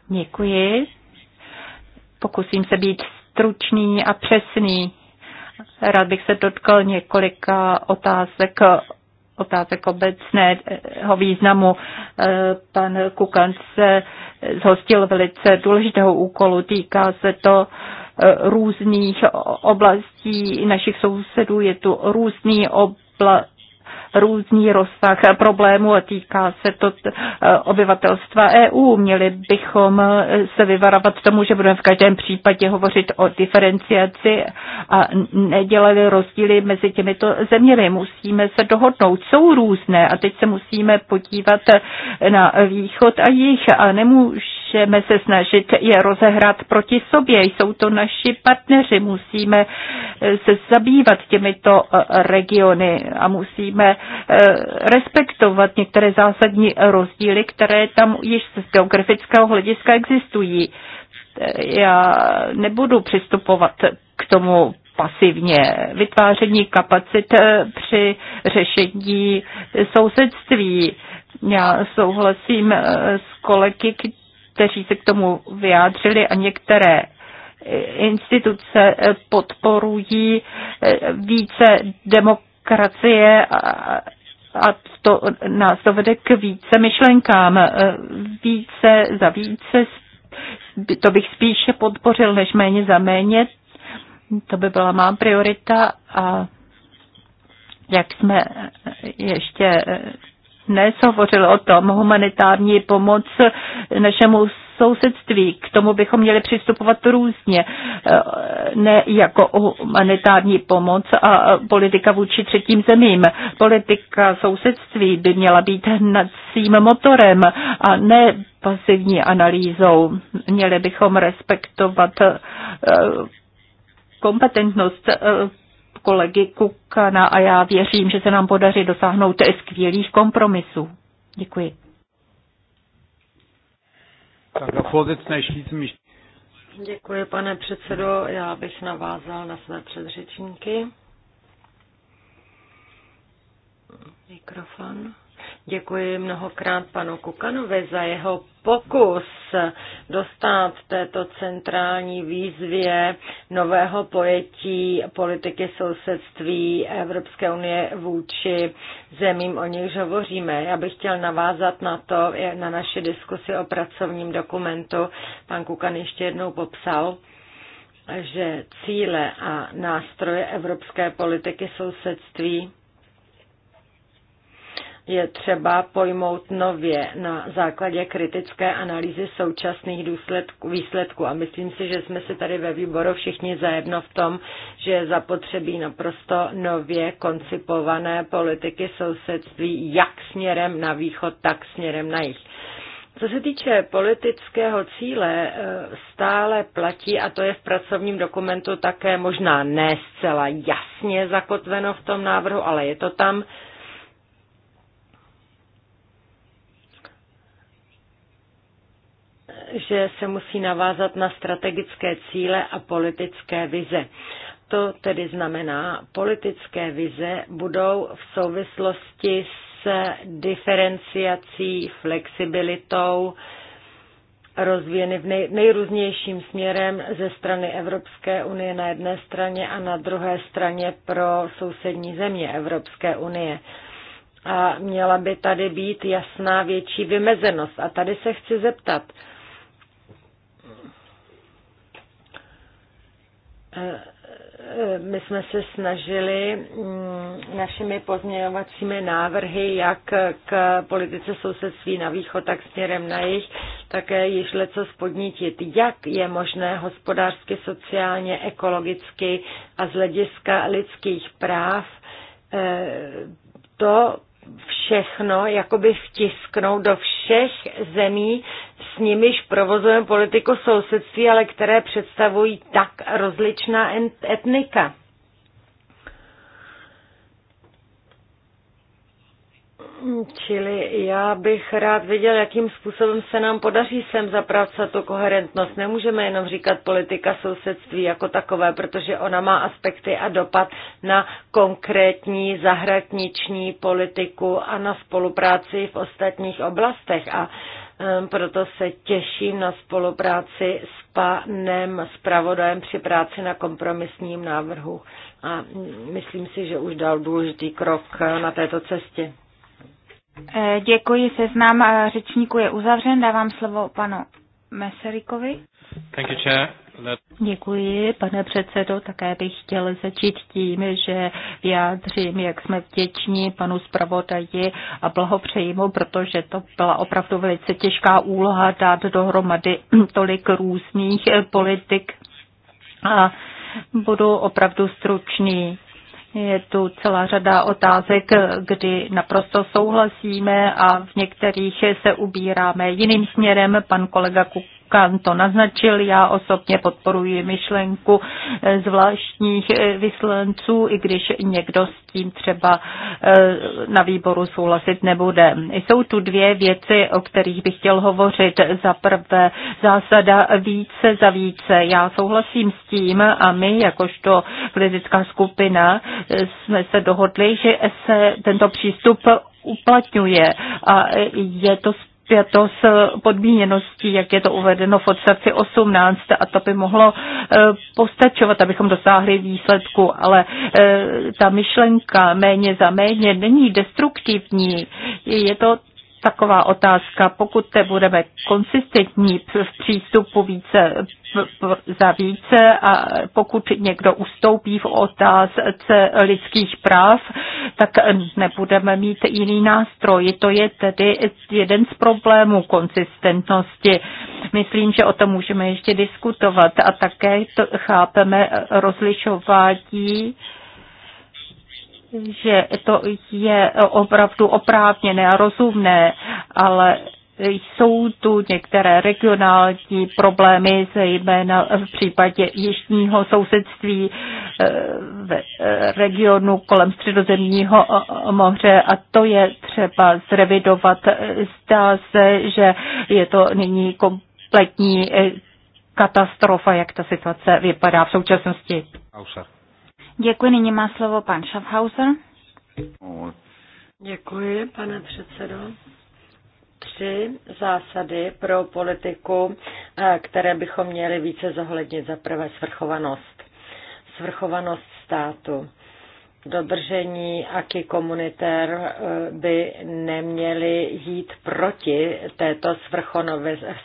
Děkuji. Pokusím se být stručný a přesný. Rád bych se dotkl několika otázek otázek obecného významu. Eh, pan Kukan se zhostil velice důležitého úkolu. Týká se to eh, různých oblastí našich sousedů. Je tu různý obla, různý rozsah problémů a týká se to eh, obyvatelstva EU. Měli bychom eh, se vyvarovat tomu, že budeme v každém případě hovořit o diferenciaci a nedělali rozdíly mezi těmito zeměmi. Musíme se dohodnout. Jsou různé a teď se musíme podívat na východ a jich a nemůžeme nemůžeme se snažit je rozehrát proti sobě. Jsou to naši partneři, musíme eh, se zabývat těmito eh, regiony a musíme eh, respektovat některé zásadní rozdíly, které tam již z geografického hlediska existují. Já nebudu přistupovat k tomu pasivně vytváření kapacit při řešení sousedství. Já souhlasím s kolegy, kteří se k tomu vyjádřili a některé e, instituce e, podporují e, více demokracie a a to nás dovede k více myšlenkám, více za více, to bych spíše podpořil, než méně za méně. To by byla má priorita a jak jsme ještě dnes hovořil o tom humanitární pomoc našemu sousedství. K tomu bychom měli přistupovat různě, ne jako humanitární pomoc a politika vůči třetím zemím. Politika sousedství by měla být hnacím motorem a ne pasivní analýzou. Měli bychom respektovat eh, kompetentnost eh, kolegy Kukana a já věřím, že se nám podaří dosáhnout skvělých kompromisů. Děkuji. Děkuji, pane předsedo. Já bych navázal na své předřečníky. Mikrofon. Děkuji mnohokrát panu Kukanovi za jeho pokus dostat této centrální výzvě nového pojetí politiky sousedství Evropské unie vůči zemím, o nichž hovoříme. Já bych chtěl navázat na to, na naše diskusi o pracovním dokumentu. Pan Kukan ještě jednou popsal že cíle a nástroje evropské politiky sousedství je třeba pojmout nově na základě kritické analýzy současných důsledků, výsledků. A myslím si, že jsme se tady ve výboru všichni zajedno v tom, že je zapotřebí naprosto nově koncipované politiky sousedství jak směrem na východ, tak směrem na jih. Co se týče politického cíle, eh, stále platí, a to je v pracovním dokumentu také možná ne zcela jasně zakotveno v tom návrhu, ale je to tam, že se musí navázat na strategické cíle a politické vize. To tedy znamená, politické vize budou v souvislosti s diferenciací, flexibilitou, rozvíjeny v nej, nejrůznějším směrem ze strany Evropské unie na jedné straně a na druhé straně pro sousední země Evropské unie. A měla by tady být jasná větší vymezenost. A tady se chci zeptat, my jsme se snažili mm, našimi pozměňovacími návrhy jak k politice sousedství na východ, tak směrem na jih, také již leco spodnítit, jak je možné hospodářsky, sociálně, ekologicky a z hlediska lidských práv eh, to všechno jakoby vtisknout do všech zemí, s nimiž provozujeme politiku sousedství, ale které představují tak rozličná etnika. Čili já bych rád věděl, jakým způsobem se nám podaří sem zapracovat tu koherentnost. Nemůžeme jenom říkat politika sousedství jako takové, protože ona má aspekty a dopad na konkrétní zahraniční politiku a na spolupráci v ostatních oblastech. A proto se těším na spolupráci s panem zpravodajem při práci na kompromisním návrhu. A myslím si, že už dal důležitý krok na této cestě. Eh, děkuji, seznam eh, řečníků je uzavřen. Dávám slovo panu Meserikovi. Thank you, Chair. Děkuji, pane předsedo. Také bych chtěl začít tím, že vyjádřím, jak jsme vděční panu zpravodaji a blahopřeji mu, protože to byla opravdu velice těžká úloha dát dohromady tolik různých politik. A budu opravdu stručný. Je tu celá řada otázek, kdy naprosto souhlasíme a v některých se ubíráme jiným směrem. Pan kolega Kán to naznačil. Já osobně podporuji myšlenku zvláštních eh, vyslanců, i když někdo s tím třeba eh, na výboru souhlasit nebude. Jsou tu dvě věci, o kterých bych chtěl hovořit. Za prvé zásada více za více. Já souhlasím s tím a my, jakožto politická skupina, jsme se dohodli, že se tento přístup uplatňuje a je to to s podmíněností, jak je to uvedeno v odstavci 18 a to by mohlo eh, postačovat, abychom dosáhli výsledku, ale eh, ta myšlenka méně za méně není destruktivní, je to taková otázka. Pokud te budeme konsistentní v přístupu více za více a pokud někdo ustoupí v otázce lidských práv, tak nebudeme mít jiný nástroj. To je tedy jeden z problémů konsistentnosti. Myslím, že o tom můžeme ještě diskutovat a také to chápeme rozlišování že to je opravdu oprávněné a rozumné, ale jsou tu některé regionální problémy, zejména v případě jižního sousedství eh, v regionu kolem středozemního moře a to je třeba zrevidovat. Zdá se, že je to nyní kompletní eh, katastrofa, jak ta situace vypadá v současnosti. Ausar. Děkuji, nyní má slovo pan Schaffhauser. Děkuji, pane předsedo. Tři zásady pro politiku, eh, které bychom měli více zohlednit. Za prvé svrchovanost. Svrchovanost státu dodržení aky komunitér eh, by neměly jít proti této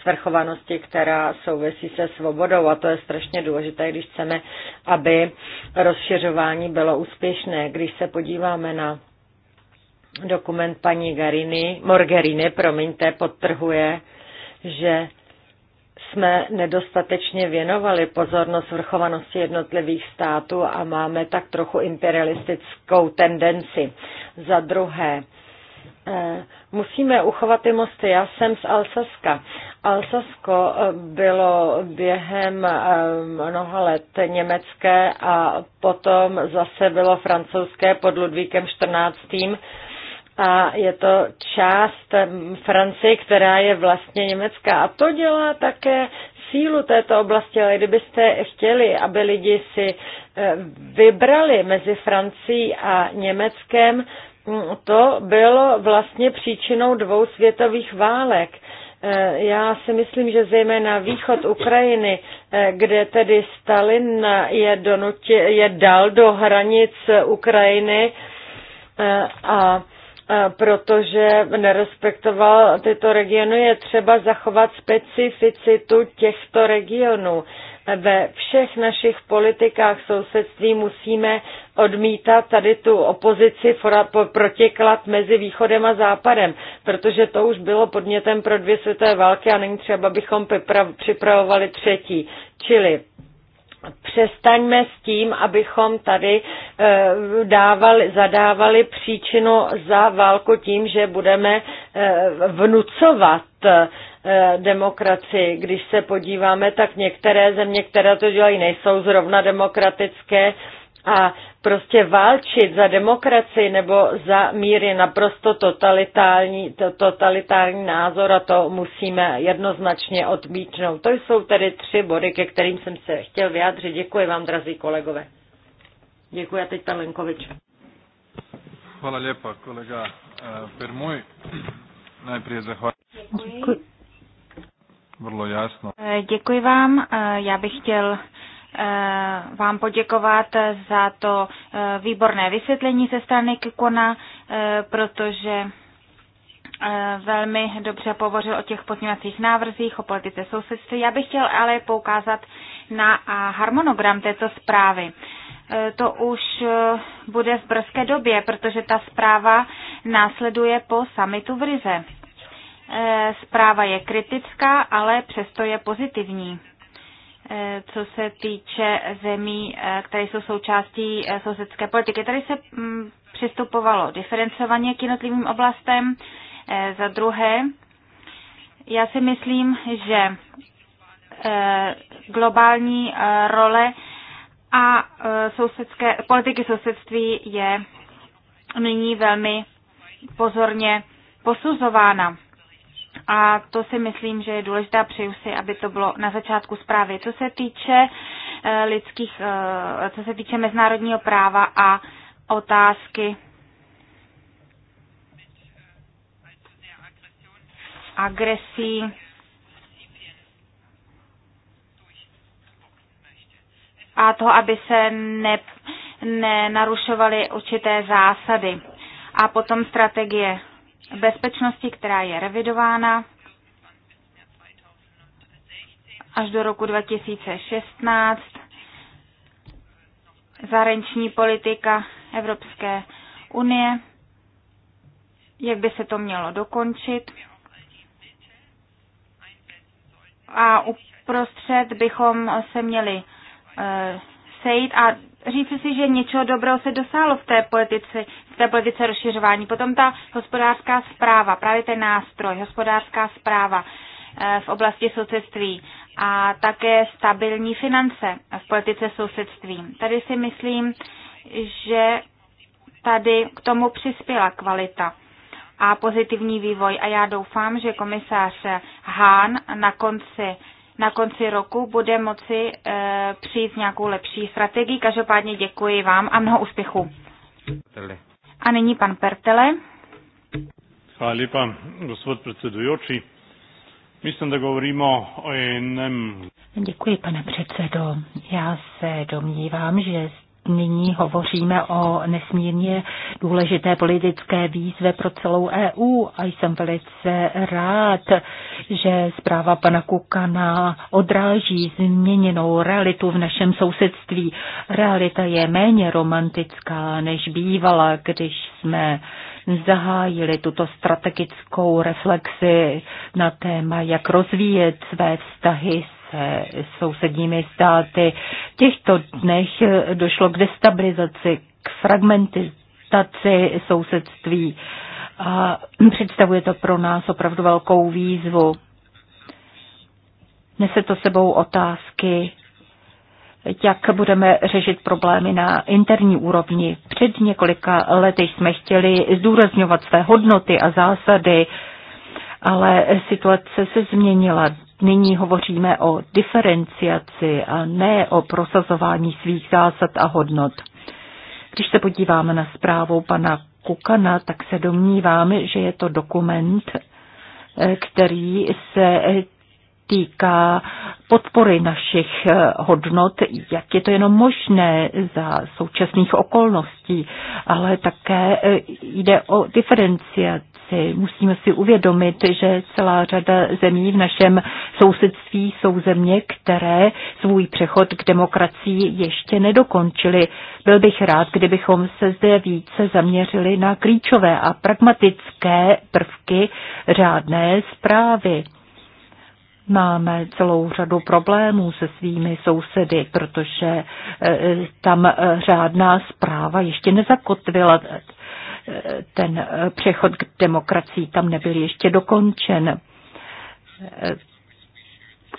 svrchovanosti, která souvisí se svobodou. A to je strašně důležité, když chceme, aby rozšiřování bylo úspěšné. Když se podíváme na dokument paní Garini, Morgerini, promiňte, podtrhuje, že jsme nedostatečně věnovali pozornost vrchovanosti jednotlivých států a máme tak trochu imperialistickou tendenci. Za druhé, eh, musíme uchovat ty mosty. Já jsem z Alsaska. Alsasko eh, bylo během eh, mnoha let německé a potom zase bylo francouzské pod Ludvíkem 14 a je to část Francie, která je vlastně německá. A to dělá také sílu této oblasti, ale kdybyste chtěli, aby lidi si e, vybrali mezi Francií a Německem, to bylo vlastně příčinou dvou světových válek. E, já si myslím, že zejména východ Ukrajiny, e, kde tedy Stalin je, donutě, je dal do hranic Ukrajiny a protože nerespektoval tyto regiony, je třeba zachovat specificitu těchto regionů. Ve všech našich politikách sousedství musíme odmítat tady tu opozici protiklad mezi východem a západem, protože to už bylo podnětem pro dvě světové války a není třeba, abychom připravovali třetí. Čili přestaňme s tím, abychom tady eh, dávali, zadávali příčinu za válku tím, že budeme eh, vnucovat eh, demokracii. Když se podíváme, tak některé země, které to dělají, nejsou zrovna demokratické a Prostě válčit za demokracii nebo za mír je naprosto totalitární, to, totalitární názor a to musíme jednoznačně odmítnout. To jsou tedy tři body, ke kterým jsem se chtěl vyjádřit. Děkuji vám, drazí kolegové. Děkuji a teď pan Lenkovič. Hvala lepa, kolega eh, Firmuj. Najprije zahvaljujem. Děkuji. Vrlo jasno. Eh, děkuji vám. Eh, já bych chtěl Eh, vám poděkovat za to eh, výborné vysvětlení ze strany Kikona, eh, protože velmi dobře povořil o těch pozměňovacích návrzích, o politice sousedství. Já bych chtěl ale poukázat na harmonogram této zprávy. To už bude v brzké době, protože ta zpráva následuje po samitu v Rize. Zpráva je kritická, ale přesto je pozitivní. Eh, co se týče zemí, eh, které jsou součástí eh, sousedské politiky. Tady se mm, přistupovalo diferencovaně k jednotlivým oblastem. Za druhé, já si myslím, že globální role a sousedské, politiky sousedství je nyní velmi pozorně posuzována a to si myslím, že je důležité a přeju si, aby to bylo na začátku zprávy. Co se týče eh, lidských, eh, co se týče mezinárodního práva a otázky agresí a to, aby se ne, nenarušovaly určité zásady. A potom strategie bezpečnosti, která je revidována až do roku 2016. Zahraniční politika Evropské unie, jak by se to mělo dokončit. A uprostřed bychom se měli eh, sejít a říci si, že něčeho dobrého se dosáhlo v té politice, v té politice rozšiřování. Potom ta hospodářská zpráva, právě ten nástroj, hospodářská zpráva eh, v oblasti sousedství a také stabilní finance v politice sousedství. Tady si myslím, že tady k tomu přispěla kvalita a pozitivní vývoj. A já doufám, že komisář Hahn na konci na konci roku bude moci eh, přijít nějakou lepší strategii. Každopádně děkuji vám a mnoho úspěchů. A nyní pan Pertele. Hvala lepa, gospod predsedujoči. Myslím, da govorimo o enem... Děkuji, pane předsedo. Já se domnívám, že nyní hovoříme o nesmírně důležité politické výzve pro celou EU a jsem velice rád, že zpráva pana Kukana odráží změněnou realitu v našem sousedství. Realita je méně romantická než bývala, když jsme zahájili tuto strategickou reflexi na téma, jak rozvíjet své vztahy se sousedními státy. V těchto dnech došlo k destabilizaci, k fragmentaci sousedství a představuje to pro nás opravdu velkou výzvu. Nese to sebou otázky, jak budeme řešit problémy na interní úrovni. Před několika lety jsme chtěli zdůrazňovat své hodnoty a zásady, ale situace se změnila. Nyní hovoříme o diferenciaci a ne o prosazování svých zásad a hodnot. Když se podíváme na zprávu pana Kukana, tak se domníváme, že je to dokument, eh, který se eh, týká podpory našich eh, hodnot, jak je to jenom možné za současných okolností, ale také jde o diferenciaci situaci. Musíme si uvědomit, že celá řada zemí v našem sousedství jsou země, které svůj přechod k demokracii ještě nedokončily. Byl bych rád, kdybychom se zde více zaměřili na klíčové a pragmatické prvky řádné zprávy. Máme celou řadu problémů se svými sousedy, protože eh, tam eh, řádná zpráva ještě nezakotvila ten přechod k demokracii tam nebyl ještě dokončen.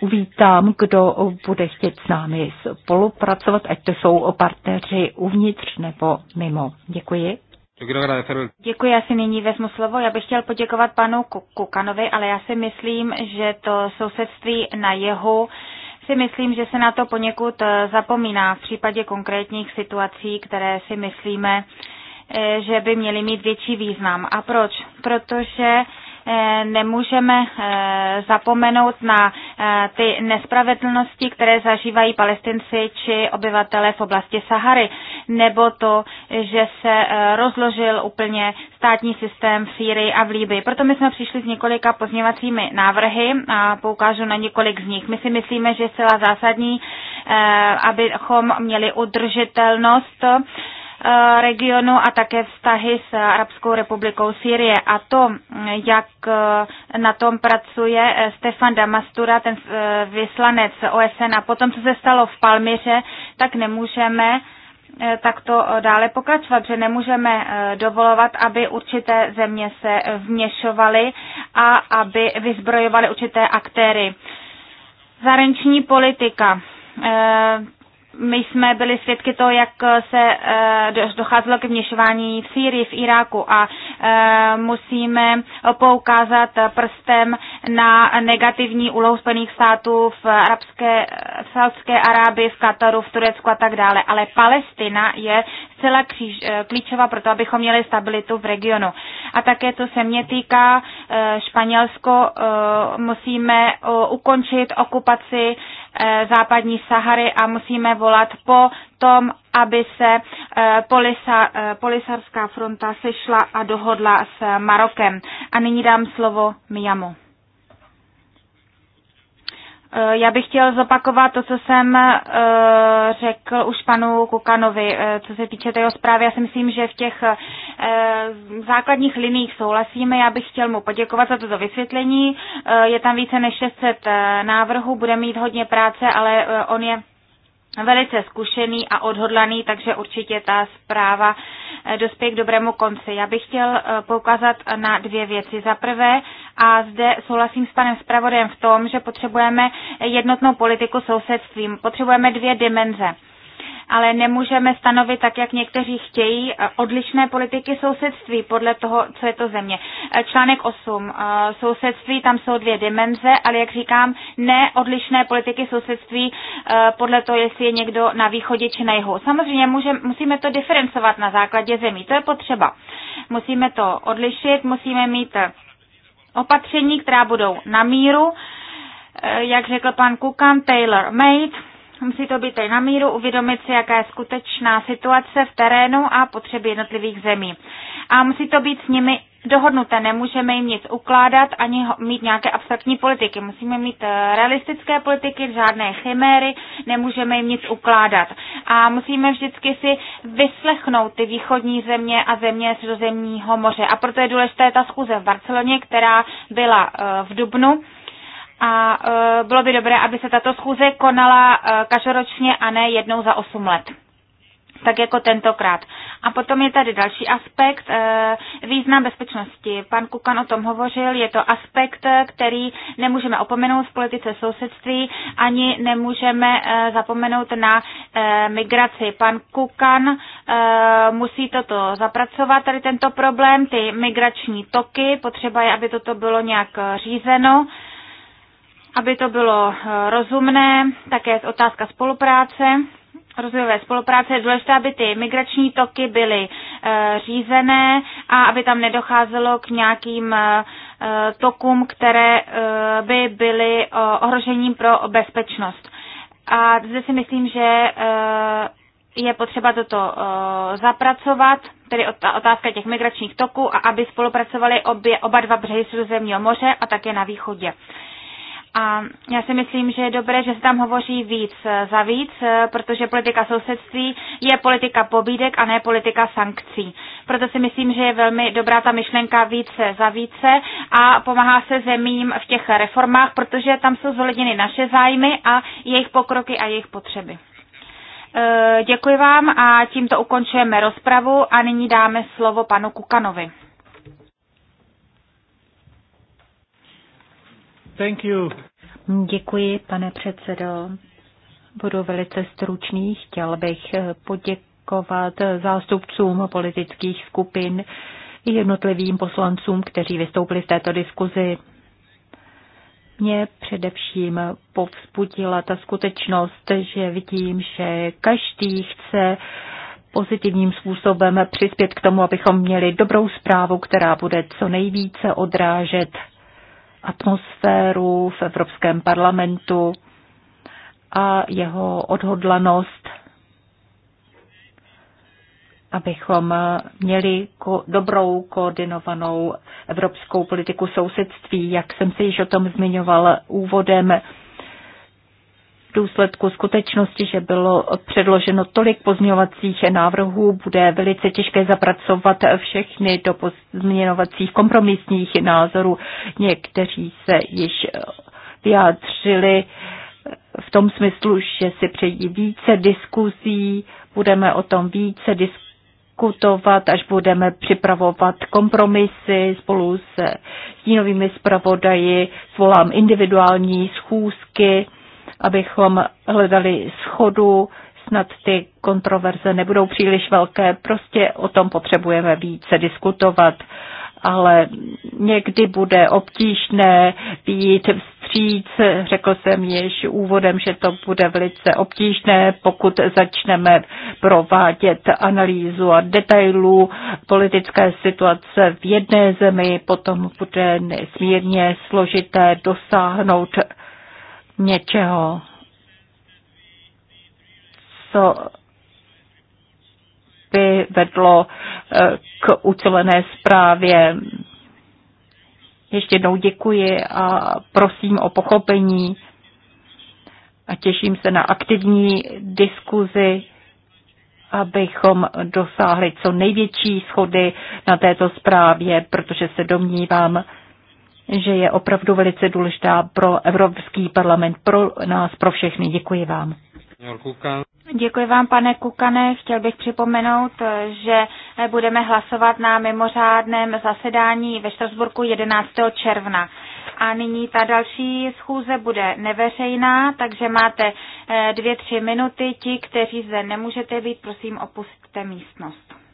Uvítám, kdo bude chtět s námi spolupracovat, ať to jsou partneři uvnitř nebo mimo. Děkuji. Děkuji, já si nyní vezmu slovo. Já bych chtěl poděkovat panu Kukanovi, ale já si myslím, že to sousedství na jehu si myslím, že se na to poněkud eh, zapomíná v případě konkrétních situací, které si myslíme, Eh, že by měly mít větší význam. A proč? Protože eh, nemůžeme eh, zapomenout na ty nespravedlnosti, které zažívají palestinci či obyvatelé v oblasti Sahary, nebo to, že se rozložil úplně státní systém v Sýrii a v Líbii. Proto my jsme přišli s několika pozměvacími návrhy a poukážu na několik z nich. My si myslíme, že je zcela zásadní, abychom měli udržitelnost Eh, regionu a také vztahy s Arabskou republikou Sýrie. A to, jak eh, na tom pracuje eh, Stefan Damastura, ten vyslanec OSN, a potom, co se stalo v Palmyře, tak nemůžeme tak to dále pokračovat, že nemůžeme dovolovat, aby určité země se vměšovaly a aby vyzbrojovaly určité aktéry. Zahraniční politika my jsme byli svědky toho, jak se eh, docházelo k vněšování v Sýrii, v Iráku a eh, musíme poukázat prstem na negativní úlohu Spojených států v, arabské, v Saudské Arábii, v Kataru, v Turecku a tak dále. Ale Palestina je zcela kříž, eh, klíčová pro to, abychom měli stabilitu v regionu. A také, co se mě týká, Španělsko musíme ukončit okupaci Eh, západní Sahary a musíme volat po tom, aby se eh, polisa, eh, polisarská fronta sešla a dohodla s Marokem. A nyní dám slovo Miamu. Eh, já bych chtěl zopakovat to, co jsem eh, řekl už panu Kukanovi, eh, co se týče té zprávy. Já si myslím, že v těch základních liních souhlasíme. Já bych chtěl mu poděkovat za toto vysvětlení. Je tam více než 600 návrhů, bude mít hodně práce, ale on je velice zkušený a odhodlaný, takže určitě ta zpráva eh, dospěje k dobrému konci. Já bych chtěl eh, poukázat na dvě věci. Za prvé, a zde souhlasím s panem zpravodajem v tom, že potřebujeme jednotnou politiku sousedstvím. Potřebujeme dvě dimenze ale nemůžeme stanovit tak, jak někteří chtějí, eh, odlišné politiky sousedství podle toho, co je to země. Eh, článek 8. Eh, sousedství, tam jsou dvě dimenze, ale jak říkám, ne odlišné politiky sousedství podle toho, jestli je někdo na východě či na jihu. Samozřejmě může, musíme to diferencovat na základě zemí, to je potřeba. Musíme to odlišit, musíme mít opatření, která budou na míru, jak řekl pan Kukan, Taylor Made, Musí to být tedy na míru, uvědomit si, jaká je skutečná situace v terénu a potřeby jednotlivých zemí. A musí to být s nimi dohodnuté, nemůžeme jim nic ukládat ani mít nějaké abstraktní politiky. Musíme mít eh, realistické politiky, žádné chiméry, nemůžeme jim nic ukládat. A musíme vždycky si vyslechnout ty východní země a země Středozemního moře. A proto je důležité ta schůze v Barceloně, která byla eh, v Dubnu a e, bylo by dobré, aby se tato schůze konala e, každoročně a ne jednou za 8 let tak jako tentokrát. A potom je tady další aspekt, e, význam bezpečnosti. Pan Kukan o tom hovořil, je to aspekt, který nemůžeme opomenout v politice sousedství, ani nemůžeme zapomenout na migraci. Pan Kukan musí toto zapracovat, tady tento problém, ty migrační toky, potřeba je, aby toto bylo nějak řízeno aby to bylo eh, rozumné, také otázka spolupráce, rozvojové spolupráce je důležité, aby ty migrační toky byly eh, řízené a aby tam nedocházelo k nějakým eh, tokům, které by byly ohrožením pro bezpečnost. A zde si myslím, že je potřeba toto zapracovat, tedy otázka těch migračních toků, a aby spolupracovali obě, oba dva břehy Středozemního moře a také na východě. A já si myslím, že je dobré, že se tam hovoří víc eh, za víc, eh, protože politika sousedství je politika pobídek a ne politika sankcí. Proto si myslím, že je velmi dobrá ta myšlenka více za více a pomáhá se zemím v těch reformách, protože tam jsou zohledněny naše zájmy a jejich pokroky a jejich potřeby. Eh, děkuji vám a tímto ukončujeme rozpravu a nyní dáme slovo panu Kukanovi. Thank you. Děkuji, pane předsedo. Budu velice stručný. Chtěl bych poděkovat zástupcům politických skupin i jednotlivým poslancům, kteří vystoupili v této diskuzi. Mě především povzbudila ta skutečnost, že vidím, že každý chce pozitivním způsobem přispět k tomu, abychom měli dobrou zprávu, která bude co nejvíce odrážet atmosféru v Evropském parlamentu a jeho odhodlanost, abychom měli ko- dobrou koordinovanou evropskou politiku sousedství. Jak jsem se již o tom zmiňoval úvodem, v důsledku skutečnosti, že bylo předloženo tolik pozměňovacích návrhů, bude velice těžké zapracovat všechny do pozměňovacích kompromisních názorů. Někteří se již vyjádřili v tom smyslu, že si přejí více diskuzí, budeme o tom více diskuzí diskutovat, až budeme připravovat kompromisy spolu s stínovými zpravodaji, svolám individuální schůzky abychom hledali schodu, snad ty kontroverze nebudou příliš velké, prostě o tom potřebujeme více diskutovat, ale někdy bude obtížné být vstříc, řekl jsem již úvodem, že to bude velice obtížné, pokud začneme provádět analýzu a detailů politické situace v jedné zemi, potom bude nesmírně složité dosáhnout něčeho, co by vedlo eh, k ucelené zprávě. Ještě jednou děkuji a prosím o pochopení a těším se na aktivní diskuzi, abychom dosáhli co největší schody na této zprávě, protože se domnívám, že je opravdu velice důležitá pro Evropský parlament, pro nás, pro všechny. Děkuji vám. Děkuji vám, pane Kukane. Chtěl bych připomenout, že budeme hlasovat na mimořádném zasedání ve Štrasburku 11. června. A nyní ta další schůze bude neveřejná, takže máte eh, dvě, tři minuty. Ti, kteří zde nemůžete být, prosím opustte místnost.